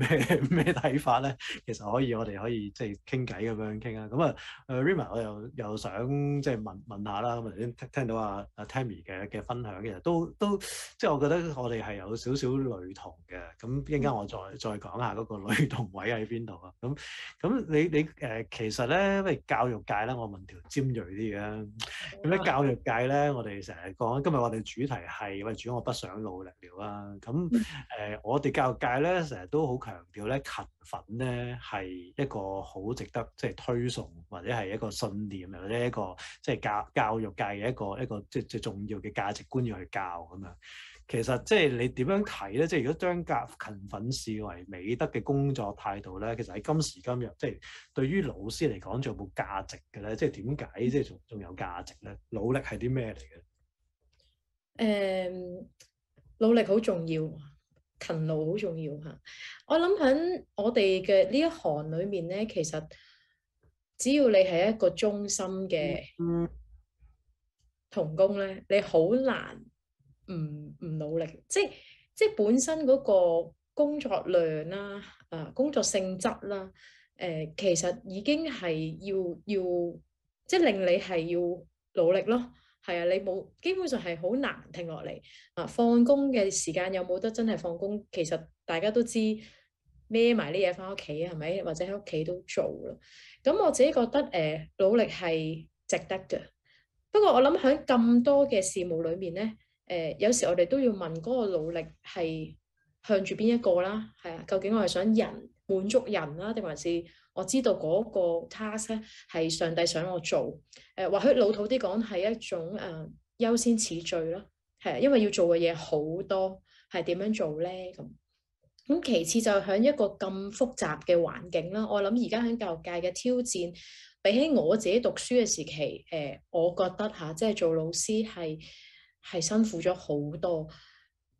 咩咩睇法咧，其實可以我哋可以即係傾偈咁樣傾啊。咁啊，Rima 我又又想即係問問下啦。咁頭先聽到阿、啊、阿 Tammy 嘅嘅分享，其實都都即係我覺得我哋係有少少類同嘅。咁一陣間我再再講下嗰個類同位喺邊度啊。咁咁你你誒、呃、其實咧，不教育界啦，我問條尖銳啲嘅。咁咧教育界咧，我哋成日講，今日我哋主題係喂，「主我不想努力了」啦。咁、呃、誒，我哋教育界咧，成日都好強調咧，勤奮咧係一個好值得即係推崇，或者係一個信念或者一個即係教教育界嘅一個一個即係最重要嘅價值觀要去教咁樣。其實即係你點樣睇咧？即係如果將格勤奮視為美德嘅工作態度咧，其實喺今時今日，即係對於老師嚟講，仲有冇價值嘅咧？即係點解即係仲仲有價值咧？努力係啲咩嚟嘅？誒、嗯，努力好重要，勤勞好重要嚇。我諗喺我哋嘅呢一行裏面咧，其實只要你係一個忠心嘅嗯同工咧，你好難，唔唔努力，即即本身嗰個工作量啦、啊，啊工作性質啦、啊，誒、呃、其實已經係要要即令你係要努力咯，係啊，你冇基本上係好難停落嚟啊。放工嘅時間有冇得真係放工？其實大家都知孭埋啲嘢翻屋企係咪？或者喺屋企都做咯。咁我自己覺得誒、呃、努力係值得嘅。不過我諗喺咁多嘅事務裏面咧。誒、呃、有時我哋都要問嗰個努力係向住邊一個啦，係啊，究竟我係想人滿足人啦，定還是我知道嗰個 task 咧係上帝想我做？誒或許老土啲講係一種誒、呃、優先次序咯，係啊，因為要做嘅嘢好多，係點樣做咧咁？咁其次就喺一個咁複雜嘅環境啦，我諗而家喺教育界嘅挑戰，比起我自己讀書嘅時期，誒、呃、我覺得嚇、啊、即係做老師係。係辛苦咗好多，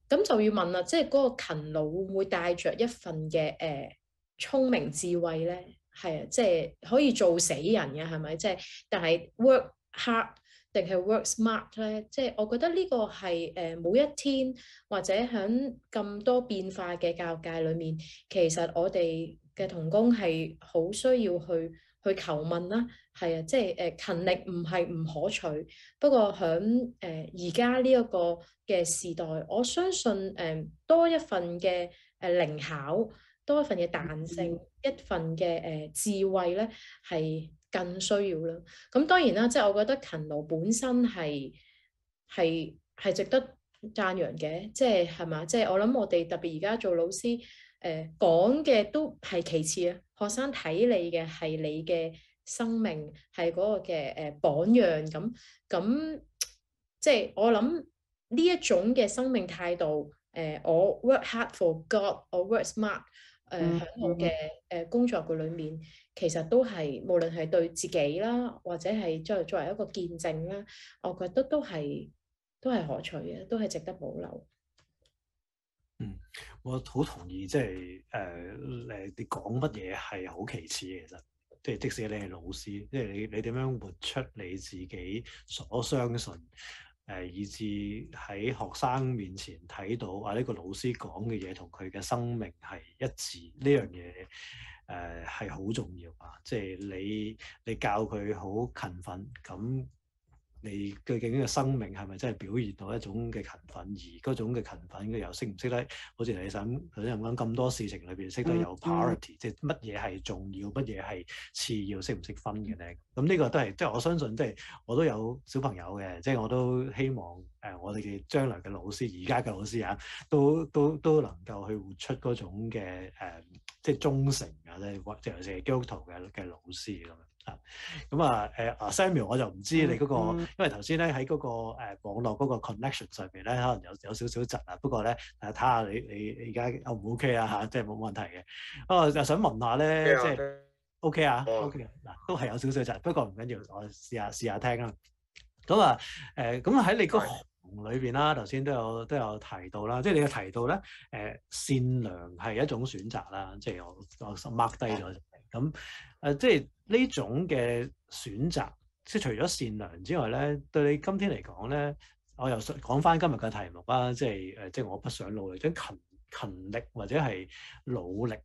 咁就要問啦，即係嗰個勤勞會唔會帶着一份嘅誒、呃、聰明智慧咧？係啊，即、就、係、是、可以做死人嘅係咪？即係、就是、但係 work hard 定係 work smart 咧？即、就、係、是、我覺得呢個係誒、呃、每一天或者喺咁多變化嘅教界裏面，其實我哋嘅同工係好需要去。去求問啦，係啊，即係誒勤力唔係唔可取，不過響誒而家呢一個嘅時代，我相信誒、呃、多一份嘅誒靈巧，多一份嘅彈性，嗯、一份嘅誒、呃、智慧咧係更需要啦。咁當然啦，即、就、係、是、我覺得勤勞本身係係係值得讚揚嘅，即係係嘛，即係、就是、我諗我哋特別而家做老師誒、呃、講嘅都係其次啊。學生睇你嘅係你嘅生命，係嗰個嘅誒榜樣咁咁，即係、mm hmm. 就是、我諗呢一種嘅生命態度，誒、呃、我 work hard for God，我 work smart 誒、呃、喺、mm hmm. 我嘅誒工作嘅裏面，其實都係無論係對自己啦，或者係作為作為一個見證啦，我覺得都係都係可取嘅，都係值得保留。嗯，我好同意，即係誒誒，你講乜嘢係好其次，其實即係即使你係老師，即係你你點樣活出你自己所相信誒、呃，以至喺學生面前睇到啊呢、這個老師講嘅嘢同佢嘅生命係一致呢樣嘢誒係好重要啊！即係你你教佢好勤奮咁。你究竟嘅生命係咪真係表現到一種嘅勤奮？而嗰種嘅勤奮，佢又識唔識得？好似你想佢啱啱咁講咁多事情裏邊，識得有 priority，mm hmm. 即係乜嘢係重要，乜嘢係次要懂懂，識唔識分嘅咧？咁呢個都係，即係我相信，即係我都有小朋友嘅，即係我都希望誒、呃，我哋嘅將來嘅老師，而家嘅老師啊，都都都能夠去活出嗰種嘅誒、呃，即係忠誠啊，或者尤其係基督徒嘅嘅老師咁樣。咁啊，誒啊 Samuel，我就唔知你嗰個，嗯、因為頭先咧喺嗰個誒網絡嗰個 connection 上邊咧，可能有有少少窒啊。不過咧，睇下你你而家 O 唔 O K 啊嚇，即係冇問題嘅。哦，就想問下咧，即係 O K 啊？O K 啊？嗱，都係有少少窒，不過唔緊要，我試下試下聽啦。咁、嗯、啊，誒、嗯，咁喺你個行裏邊啦，頭先都有都有提到啦，即係你嘅提到咧，誒，善良係一種選擇啦，即係我 mark 低咗。咁誒、嗯，即係呢種嘅選擇，即係除咗善良之外咧，對你今天嚟講咧，我又想講翻今日嘅題目啦，即係誒即係我不想努力，即勤勤力，或者係努力，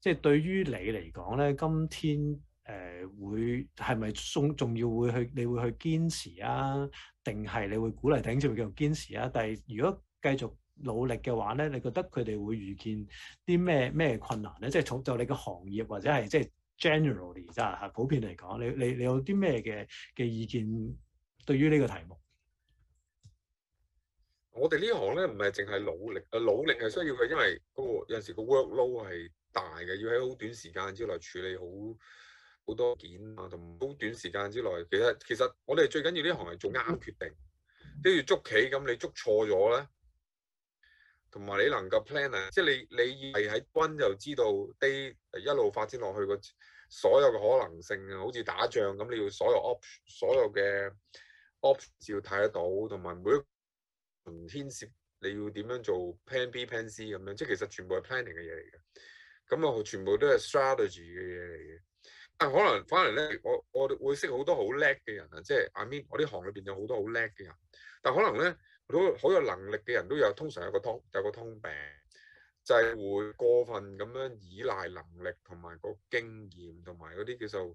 即係對於你嚟講咧，今天誒、呃、會，係咪仲仲要會去？你會去堅持啊？定係你會鼓勵頂住繼續堅持啊？但係如果繼續努力嘅話咧，你覺得佢哋會遇見啲咩咩困難咧？即係重就你嘅行業或者係即係。Generally，即、uh, 係普遍嚟講，你你你有啲咩嘅嘅意見？對於呢個題目，我哋呢行咧唔係淨係努力啊！努力係需要嘅，因為嗰、那個有陣時個 work load 係大嘅，要喺好短時間之內處理好好多件啊，同好短時間之內。其實其實我哋最緊要呢行係做啱決定，都、mm hmm. 要捉棋咁，你捉錯咗咧，同埋你能夠 planner, 即係你你係喺 one 就知道 day 一路發展落去個。所有嘅可能性啊，好似打仗咁，你要所有 option, 所有嘅 option 要睇得到，同埋每一個牽涉你要點樣做 plan B、plan C 咁樣，即係其實全部係 planning 嘅嘢嚟嘅。咁啊，全部都係 strategy 嘅嘢嚟嘅。但可能反而咧，我我會識好多好叻嘅人啊，即係阿 Min，我啲行裏邊有好多好叻嘅人。但可能咧，都好有能力嘅人都有，通常有個通，有個通病。就係會過分咁樣依賴能力同埋個經驗同埋嗰啲叫做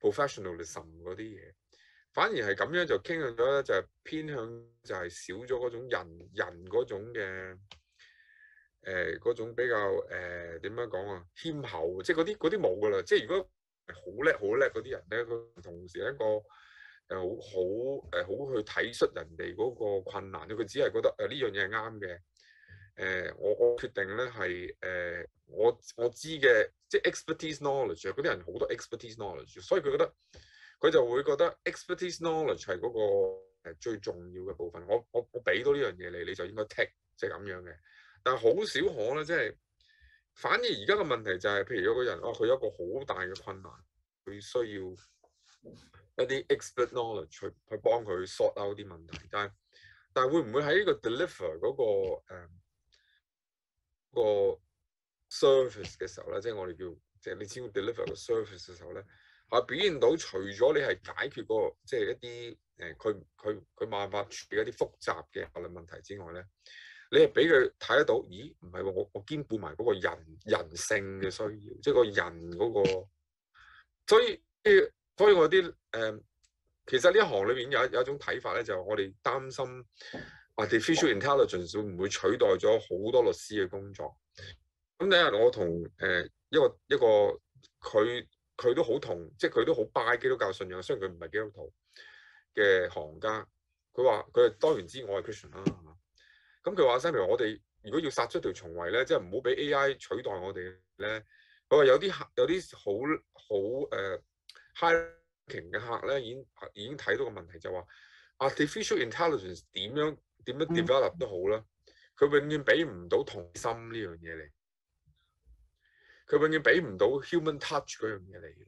professionalism 嗰啲嘢，反而係咁樣就傾向咗咧，就係偏向就係少咗嗰種人人嗰種嘅誒嗰種比較誒點樣講啊，謙厚即係嗰啲嗰啲冇噶啦，即係如果好叻好叻嗰啲人咧，佢同時一個誒好好誒好去體恤人哋嗰個困難，佢只係覺得誒呢樣嘢係啱嘅。誒、呃，我我決定咧係誒，我我知嘅，即係 expertise knowledge 嗰啲人好多 expertise knowledge，所以佢覺得佢就會覺得 expertise knowledge 係嗰、那個、呃、最重要嘅部分。我我我俾到呢樣嘢你，你就應該 take 就係咁樣嘅。但係好少可咧，即係反而而家嘅問題就係、是，譬如，如有個人啊，佢、哦、有一個好大嘅困難，佢需要一啲 expert knowledge 去去幫佢 sort out 啲問題。但係但係會唔會喺呢個 deliver 嗰、er 那個、呃 S 個 service 嘅時候咧，即係我哋叫即係你只要 deliver 個 service 嘅時候咧，係表現到除咗你係解決嗰個即係一啲誒佢佢佢冇辦法處理一啲複雜嘅法律問題之外咧，你係俾佢睇得到，咦？唔係喎，我我兼顧埋嗰個人人性嘅需要，即係個人嗰、那個，所以所以我啲誒、呃、其實呢一行裏面有一有一種睇法咧，就係、我哋擔心。我哋 artificial intelligence 會唔會取代咗好多律師嘅工作？咁嗰日我同誒一個一個佢佢都好同，即係佢都好拜基督教信仰，雖然佢唔係基督徒嘅行家。佢話佢係當然知我係 Christian 啦。咁佢話，Sammy，我哋如果要殺出條重圍咧，即係唔好俾 AI 取代我哋咧。佢話有啲、uh, 客有啲好好誒 high level 嘅客咧，已經已經睇到個問題就話、是、artificial intelligence 點樣？點樣建立都好啦，佢永遠俾唔到同心呢樣嘢嚟，佢永遠俾唔到 human touch 嗰樣嘢嚟。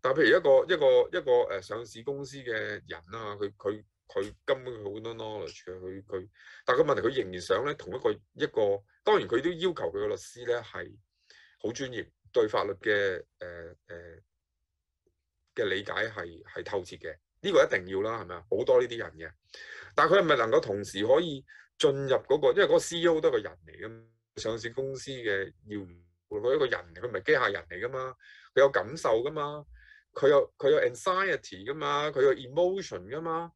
但譬如一個一個一個誒、呃、上市公司嘅人啦，佢佢佢根本好多 knowledge 嘅，佢佢，但係個問題佢仍然想咧，同一個一個，當然佢都要求佢個律師咧係好專業，對法律嘅誒誒嘅理解係係透徹嘅。呢個一定要啦，係咪啊？好多呢啲人嘅，但係佢係咪能夠同時可以進入嗰、那個？因為嗰個 CEO 都係一個人嚟嘅，上市公司嘅要嗰一個人，嚟，佢唔係機械人嚟噶嘛，佢有感受噶嘛，佢有佢有 anxiety 噶嘛，佢有 emotion 噶嘛。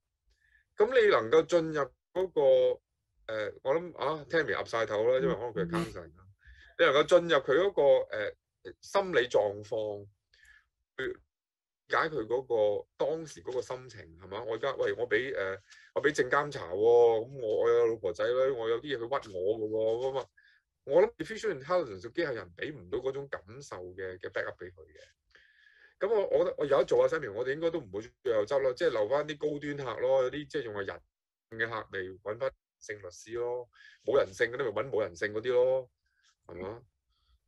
咁你能夠進入嗰、那個誒、呃，我諗啊，Tammy 岌晒頭啦，因為可能佢係 cancer。你能夠進入佢嗰、那個誒、呃、心理狀況，佢。解佢嗰、那個當時嗰個心情係嘛？我而家喂，我俾誒、呃、我俾證監查喎、哦，咁、嗯、我我有老婆仔啦，我有啲嘢佢屈我嘅喎、哦，咁、嗯、啊，我 e f u t i r e a n h talent 做機器人俾唔到嗰種感受嘅嘅 back up 俾佢嘅。咁、嗯、我我覺得我有得做啊 Samuel 我哋應該都唔會最後執咯，即係留翻啲高端客咯，有啲即係用係人嘅客嚟揾翻性律師人性人性咯，冇人性嗰啲咪揾冇人性嗰啲咯，係嘛？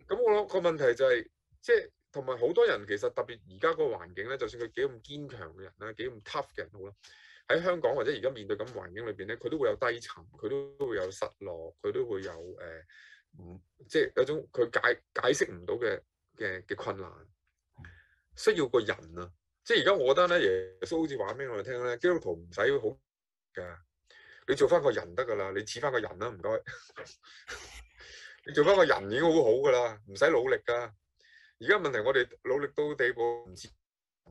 咁我個問題就係、是、即係。同埋好多人其實特別而家個環境咧，就算佢幾咁堅強嘅人啦，幾咁 tough 嘅人好啦，喺香港或者而家面對咁環境裏邊咧，佢都會有低沉，佢都會有失落，佢都會有誒，即係有種佢解解釋唔到嘅嘅嘅困難，需要個人啊！即係而家我覺得咧，耶穌好似話俾我哋聽咧，基督徒唔使好噶，你做翻個人得噶啦，你似翻個人啦，唔該，你做翻個， 個人已經好好噶啦，唔使努力噶。而家問題，我哋努力到地步唔知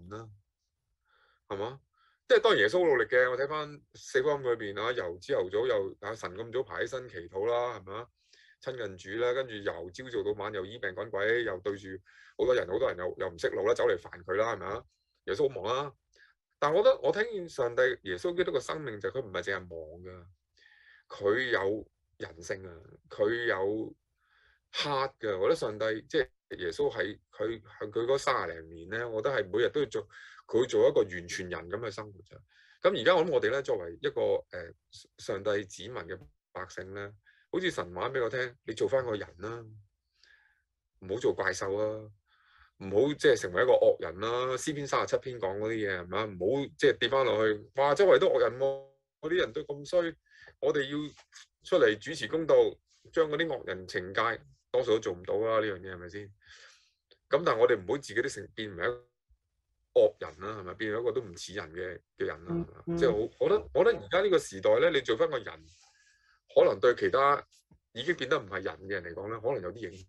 啦，係嘛？即係當然耶穌好努力嘅。我睇翻四福音裏邊啊，由朝由早又啊，神咁早排起身祈禱啦，係嘛？親近主啦，跟住由朝做到晚，又醫病趕鬼，又對住好多人，好多人又又唔識路啦，走嚟煩佢啦，係嘛？耶穌好忙啦、啊。但係我覺得我聽見上帝耶穌基督嘅生命就佢唔係淨係忙嘅，佢有人性啊，佢有黑㗎。我覺得上帝即係。耶穌喺佢向佢嗰三十零年咧，我覺得係每日都要做佢做一個完全人咁去生活啫。咁而家我諗我哋咧，作為一個誒、呃、上帝子民嘅百姓咧，好似神話俾我聽，你做翻個人啦，唔好做怪獸啦、啊，唔好即係成為一個惡人啦、啊。詩篇三十七篇講嗰啲嘢，係嘛？唔好即係跌翻落去，哇！周圍都惡人喎、啊，嗰啲人都咁衰，我哋要出嚟主持公道，將嗰啲惡人懲戒。多數都做唔到啦，呢樣嘢係咪先？咁但係我哋唔好自己都成變唔係一個惡人啦，係咪？變咗一個都唔似人嘅嘅人啦，係嘛，嗯、即係好。我覺得，嗯、我覺得而家呢個時代咧，你做翻個人，可能對其他已經變得唔係人嘅人嚟講咧，可能有啲影響。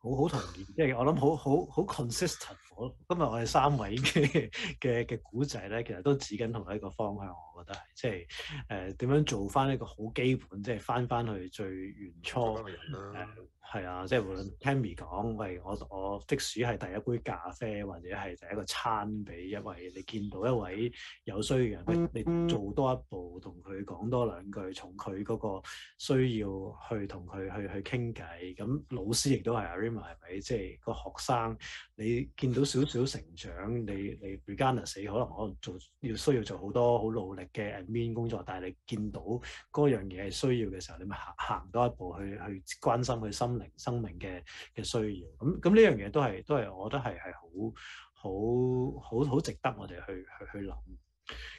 好好同意，即係我諗好好好 consistent。今我今日我哋三位嘅嘅嘅古仔呢，其實都指緊同一個方向。我覺得係即係誒點樣做翻一個好基本，即係翻翻去最原初誒。嗯呃係啊，即係無論 Tammy 講，喂，我我即使係第一杯咖啡，或者係第一個餐俾，一位，你見到一位有需要嘅人，你做多一步，同佢講多兩句，從佢個需要去同佢去去傾偈。咁老師亦都係啊 Rima 係咪？即係個學生，你見到少少成長，你你 r e g e n e r a t 可能我做要需要做好多好努力嘅 admin 工作，但係你見到樣嘢係需要嘅時候，你咪行行多一步去去關心佢心。生命嘅嘅需要，咁咁呢樣嘢都係都係，我覺得係係好好好好值得我哋去去去諗。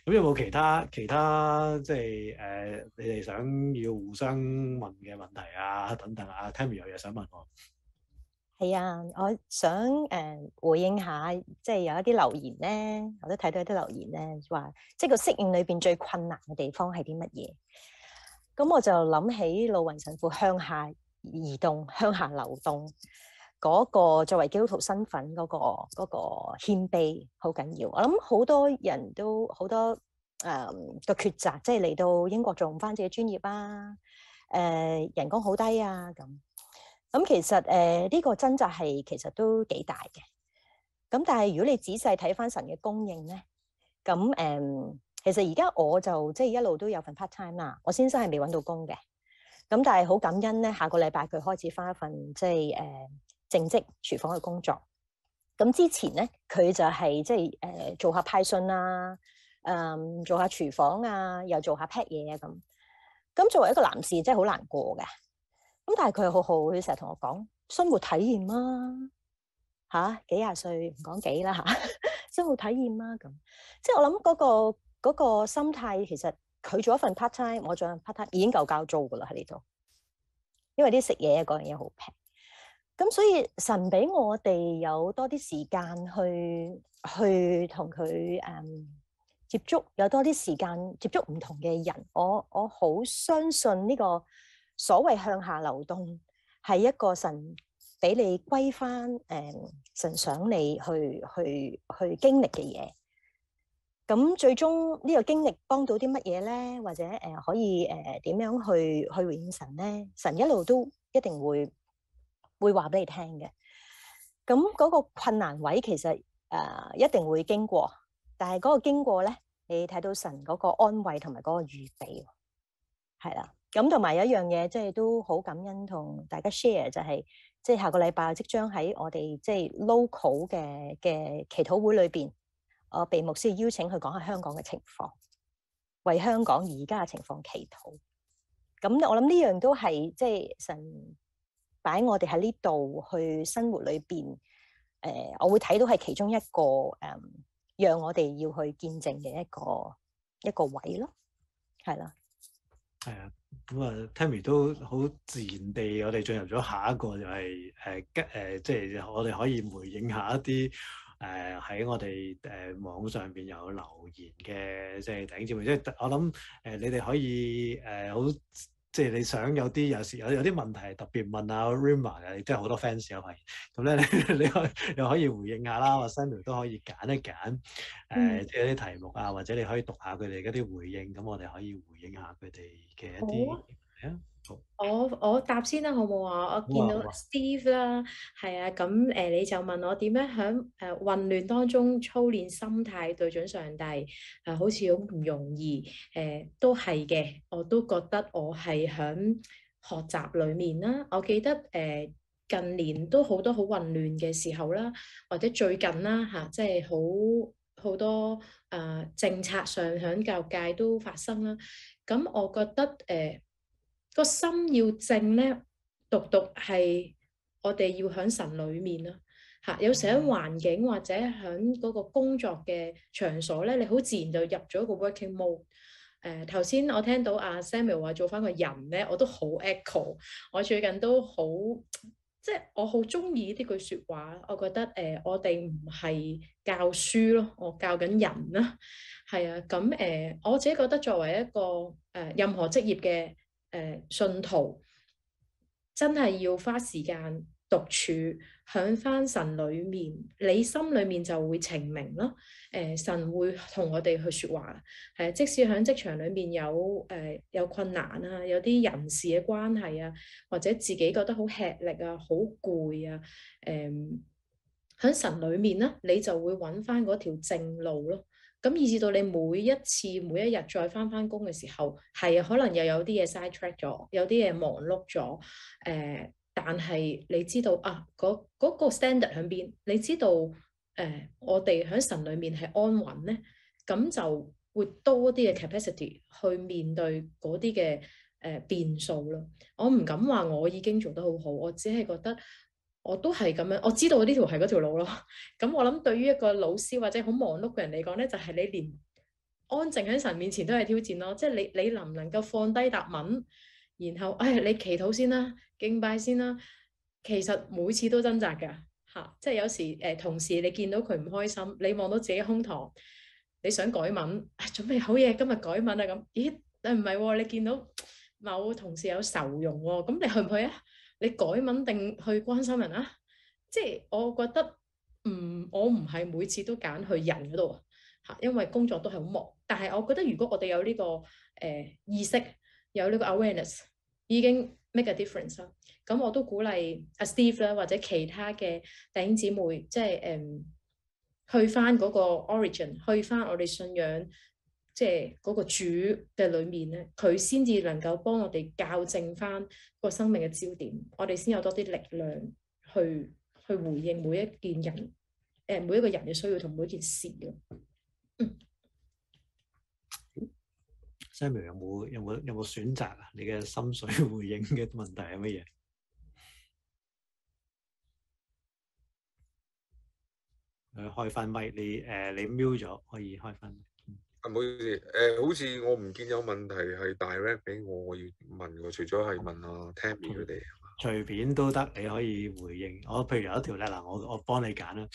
咁有冇其他其他即係誒、呃，你哋想要互相問嘅問題啊等等啊？Tammy 有嘢想問我，係啊，我想誒回應下，即係有一啲留言咧，我都睇到一啲留言咧，話即係個適應裏邊最困難嘅地方係啲乜嘢？咁我就諗起盧雲神父鄉下。移動向下流動，嗰、那個作為基督徒身份嗰、那個嗰、那個謙卑好緊要。我諗好多人都好多誒個、嗯、抉擇，即係嚟到英國做唔翻自己專業啊，誒、呃、人工好低啊咁咁、嗯。其實誒呢、呃這個掙扎係其實都幾大嘅。咁但係如果你仔細睇翻神嘅供應咧，咁誒、嗯、其實而家我就即係一路都有份 part time 啦。我先生係未揾到工嘅。咁但係好感恩咧，下個禮拜佢開始返一份即係誒正職廚房嘅工作。咁之前咧，佢就係即係誒做下派信啊，誒、嗯、做下廚房啊，又做下 pat 嘢啊咁。咁作為一個男士，真係好難過嘅。咁但係佢好好，佢成日同我講生活體驗啦，吓幾廿歲唔講幾啦吓，生活體驗啦咁。即係我諗嗰個嗰個心態其實。佢做一份 part time，我做一份 part time，已經夠交租㗎喇，喺呢度，因為啲食嘢嗰樣嘢好平。咁所以神俾我哋有多啲時間去去同佢誒接觸，有多啲時間接觸唔同嘅人。我我好相信呢個所謂向下流動係一個神俾你歸翻誒、嗯、神想你去去去經歷嘅嘢。咁最終呢、這個經歷幫到啲乜嘢咧？或者誒、呃、可以誒點、呃、樣去去回應神咧？神一路都一定會會話俾你聽嘅。咁、嗯、嗰、那個困難位其實誒、呃、一定會經過，但係嗰個經過咧，你睇到神嗰個安慰同埋嗰個預備，係啦。咁同埋有一樣嘢，即係都好感恩同大家 share 就係、是，即係下個禮拜即將喺我哋即係 local 嘅嘅祈禱會裏邊。我被牧師邀請去講下香港嘅情況，為香港而家嘅情況祈禱。咁我諗呢樣都係即係神擺我哋喺呢度去生活裏邊。誒、呃，我會睇到係其中一個誒、嗯，讓我哋要去見證嘅一個一個位咯，係啦。係啊、嗯，咁啊，Tammy 都好自然地，我哋進入咗下一個就係、是、誒，誒、呃呃，即係我哋可以回應一下一啲。誒喺、uh，我哋誒、uh，網上邊有留言嘅、就是，即係頂尖嘅，即係我諗誒，你哋可以誒好，即係你想有啲有時有有啲問題特別問啊，Rima 啊，亦即係好多 fans 啊，係咁咧，你你可又可以回應下啦，啊 Samuel 都可以揀一揀誒、呃，即係啲題目啊，或者你可以讀下佢哋嗰啲回應，咁我哋可以回應下佢哋嘅一啲啊。的我我答先啦，好唔好啊？我見到 Steve 啦哇，係啊，咁誒，你就問我點樣響誒混亂當中操練心態對準上帝，誒，好似好唔容易，誒、呃，都係嘅，我都覺得我係響學習裏面啦。我記得誒、呃，近年都好多好混亂嘅時候啦，或者最近啦，吓、啊，即係好好多誒、呃、政策上響教育界都發生啦。咁我覺得誒。呃個心要靜咧，讀讀係我哋要喺神裏面咯嚇。有時喺環境或者喺嗰個工作嘅場所咧，你好自然就入咗一個 working mode。誒頭先我聽到阿、啊、Samuel 話做返個人咧，我都好 echo。我最近都好，即係我好中意呢句説話。我覺得誒、呃，我哋唔係教書咯，我教緊人啦。係啊，咁誒、呃，我自己覺得作為一個誒、呃、任何職業嘅。誒、嗯、信徒真係要花時間獨處，響翻神裏面，你心裏面就會澄明咯。誒、嗯、神會同我哋去説話，係、嗯、即使喺職場裏面有誒、呃、有困難啊，有啲人事嘅關係啊，或者自己覺得好吃力啊、好攰啊，誒、嗯、喺神裏面咧，你就會揾翻嗰條正路咯。咁以至到你每一次每一日再返返工嘅時候，係啊，可能又有啲嘢 side track 咗，有啲嘢忙碌咗。誒、呃，但係你知道啊，嗰、嗰個 standard 喺邊？你知道誒、呃，我哋喺神裏面係安穩咧，咁就會多啲嘅 capacity 去面對嗰啲嘅誒變數咯。我唔敢話我已經做得好好，我只係覺得。我都係咁樣，我知道呢條係嗰條路咯。咁 我諗對於一個老師或者好忙碌嘅人嚟講呢就係、是、你連安靜喺神面前都係挑戰咯。即、就、係、是、你你能唔能夠放低答文，然後誒、哎、你祈禱先啦，敬拜先啦。其實每次都掙扎噶吓、啊，即係有時誒、呃、同事你見到佢唔開心，你望到自己空堂，你想改文，啊、準備好嘢今日改文啊咁。咦，唔係喎，你見到某同事有愁容喎、啊，咁你去唔去啊？你改文定去關心人啊？即係我覺得，嗯，我唔係每次都揀去人嗰度啊，嚇，因為工作都係好忙。但係我覺得，如果我哋有呢、這個誒、呃、意識，有呢個 awareness，已經 make a difference 啦、啊。咁我都鼓勵啊 Steve 啦、啊，或者其他嘅弟兄姊妹，即係誒、啊、去返嗰個 origin，去返我哋信仰。即係嗰個主嘅裏面咧，佢先至能夠幫我哋校正翻個生命嘅焦點，我哋先有多啲力量去去回應每一件人，誒、呃，每一個人嘅需要同每一件事咯、嗯。Samuel 有冇有冇有冇選擇啊？你嘅心水回應嘅問題係乜嘢？誒，開翻咪，你誒、呃，你瞄咗可以開翻。唔好意思，誒、呃，好似我唔見有問題係大叻俾我，我要問我，除咗係問阿 Tam 佢哋，隨便都得，你可以回應我。譬如有一條咧嗱，我我幫你揀啦。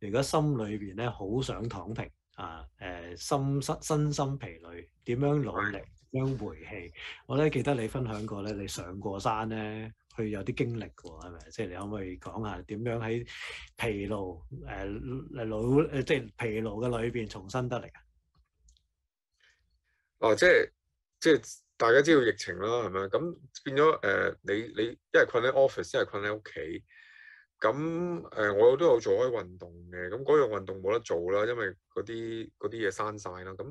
如果心裏邊咧好想躺平啊，誒、呃，心身身心疲累，點樣努力，將回氣？我咧記得你分享過咧，你上過山咧，去有啲經歷嘅喎，係咪？即係你可唔可以講下點樣喺疲勞誒誒老誒，即係疲勞嘅裏邊重新得嚟啊？哦，即係即係大家知道疫情啦，係咪咁變咗？誒、呃，你你一係困喺 office，一係困喺屋企。咁誒、呃，我都有做開運動嘅。咁嗰樣運動冇得做啦，因為嗰啲啲嘢閂晒啦。咁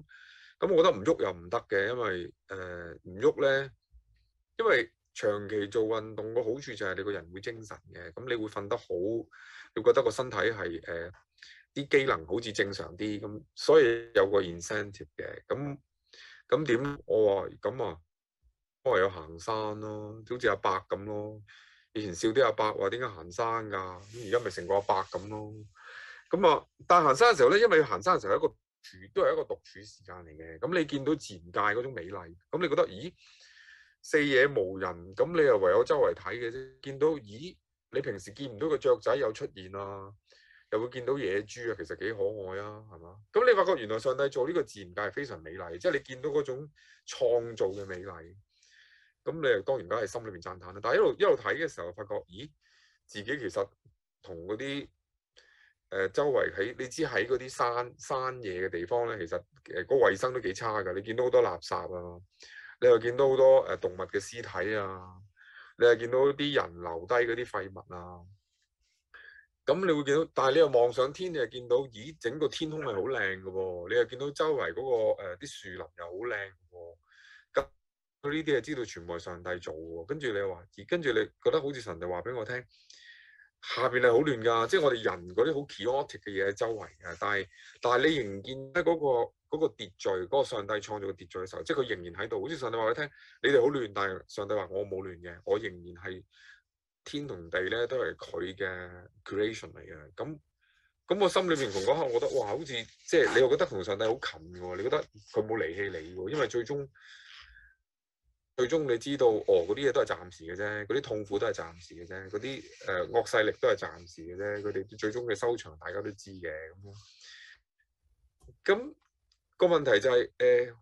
咁，我覺得唔喐又唔得嘅，因為誒唔喐咧，因為長期做運動個好處就係你個人會精神嘅，咁你會瞓得好，你會覺得個身體係誒啲機能好似正常啲。咁所以有個 incentive 嘅咁。咁點？我話咁啊，我唯有行山咯、啊，好似阿伯咁咯、啊。以前笑啲阿伯話點解行山㗎、啊，咁而家咪成個阿伯咁咯、啊。咁、嗯、啊，但行山嘅時候咧，因為行山嘅時候係一個處都係一個獨處時間嚟嘅。咁你見到自然界嗰種美麗，咁你覺得咦，四野無人，咁你又唯有周圍睇嘅啫。見到咦，你平時見唔到個雀仔有出現啦、啊。又會見到野豬啊，其實幾可愛啊，係嘛？咁你發覺原來上帝做呢個自然界係非常美麗，即係你見到嗰種創造嘅美麗。咁你又當然梗係心裏面讚歎啦。但係一路一路睇嘅時候，發覺咦，自己其實同嗰啲誒周圍喺你知喺嗰啲山山野嘅地方咧，其實誒個衞生都幾差㗎。你見到好多垃圾啊，你又見到好多誒、呃、動物嘅屍體啊，你又見到啲人留低嗰啲廢物啊。咁你會見到，但係你又望上天，你又見到，咦，整個天空係好靚嘅喎，你又見到周圍嗰個誒啲樹林又好靚嘅喎，咁呢啲係知道全部係上帝做嘅喎，跟住你又話，跟住你覺得好似神就話俾我聽，下邊係好亂㗎，即係我哋人嗰啲好 chaotic 嘅嘢喺周圍嘅，但係但係你仍見得嗰個嗰個秩序，嗰個上帝創造嘅秩序嘅時候，即係佢仍然喺度，好似上帝話俾你聽，你哋好亂，但係上帝話我冇亂嘅，我仍然係。天同地呢都係佢嘅 creation 嚟嘅，咁咁我心裏面同嗰刻，我覺得哇，好似即係你又覺得同上帝好近嘅，你覺得佢冇離棄你嘅，因為最終最終你知道哦，嗰啲嘢都係暫時嘅啫，嗰啲痛苦都係暫時嘅啫，嗰啲誒惡勢力都係暫時嘅啫，佢哋最終嘅收場大家都知嘅咁樣。咁、嗯那個問題就係、是、誒。呃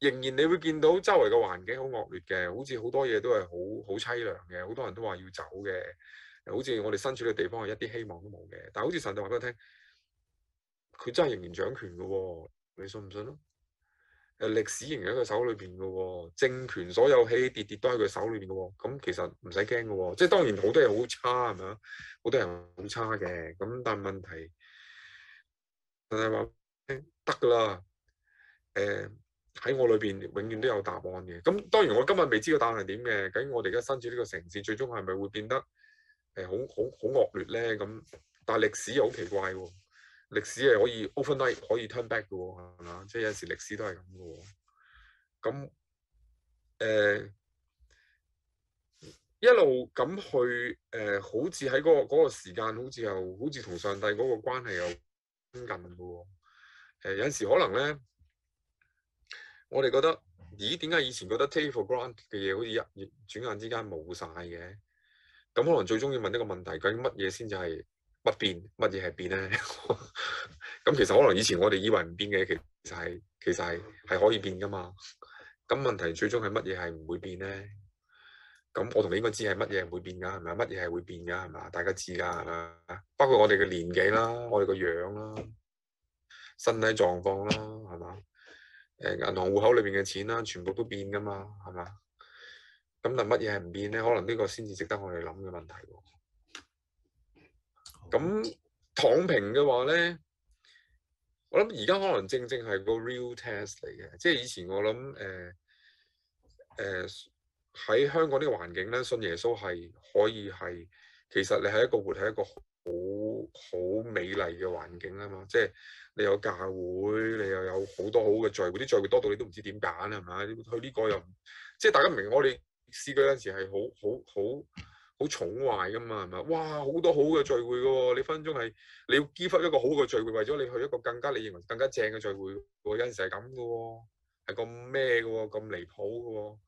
仍然你會見到周圍嘅環境好惡劣嘅，好似好多嘢都係好好淒涼嘅，好多人都話要走嘅。好似我哋身處嘅地方係一啲希望都冇嘅。但係好似神就話俾我聽，佢真係仍然掌權嘅喎、哦，你信唔信咯？誒，歷史仍然喺佢手裏邊嘅喎，政權所有起起跌跌都喺佢手裏邊嘅喎。咁其實唔使驚嘅喎，即係當然好多嘢好差係咪啊？好多人好差嘅，咁但係問題，神就話聽得㗎啦，誒。嗯喺我裏邊永遠都有答案嘅。咁當然我今日未知道答案係點嘅。究竟我哋而家身處呢個城市，最終係咪會變得誒、呃、好好好惡劣咧？咁但係歷史又好奇怪喎、哦。歷史係可以 overnight 可以 turn back 嘅喎、哦，係嘛？即、就、係、是、有時歷史都係咁嘅喎。咁誒、呃、一路咁去誒、呃，好似喺嗰個嗰、那個時間，好似又好似同上帝嗰個關係又近嘅喎、哦呃。有陣時可能咧。我哋覺得，咦？點解以前覺得 table ground 嘅嘢好似一轉眼之間冇晒嘅？咁可能最終要問一個問題，究竟乜嘢先至係不變，乜嘢係變咧？咁 其實可能以前我哋以為唔變嘅，其實係其實係係可以變噶嘛。咁問題最終係乜嘢係唔會變咧？咁我同你應該知係乜嘢唔會變㗎？係咪？乜嘢係會變㗎？係嘛？大家知㗎係嘛？包括我哋嘅年紀啦，我哋個樣啦，身體狀況啦，係嘛？誒銀行戶口裏邊嘅錢啦，全部都變噶嘛，係嘛？咁但乜嘢係唔變咧？可能呢個先至值得我哋諗嘅問題喎。咁躺平嘅話咧，我諗而家可能正正係個 real test 嚟嘅，即係以前我諗誒誒喺香港呢個環境咧，信耶穌係可以係其實你係一個活係一個。好好美麗嘅環境啊嘛，即係你有教會，你又有好多好嘅聚會，啲聚會多到你都唔知點揀係嘛？去呢個又，即係大家明，我哋師姐有時係好好好好寵壞㗎嘛係咪？哇，好多好嘅聚會嘅喎，你分分鐘係你要挑翻一個好嘅聚會，為咗你去一個更加你認為更加正嘅聚會喎，有時係咁嘅喎，係咁咩嘅喎，咁離譜嘅喎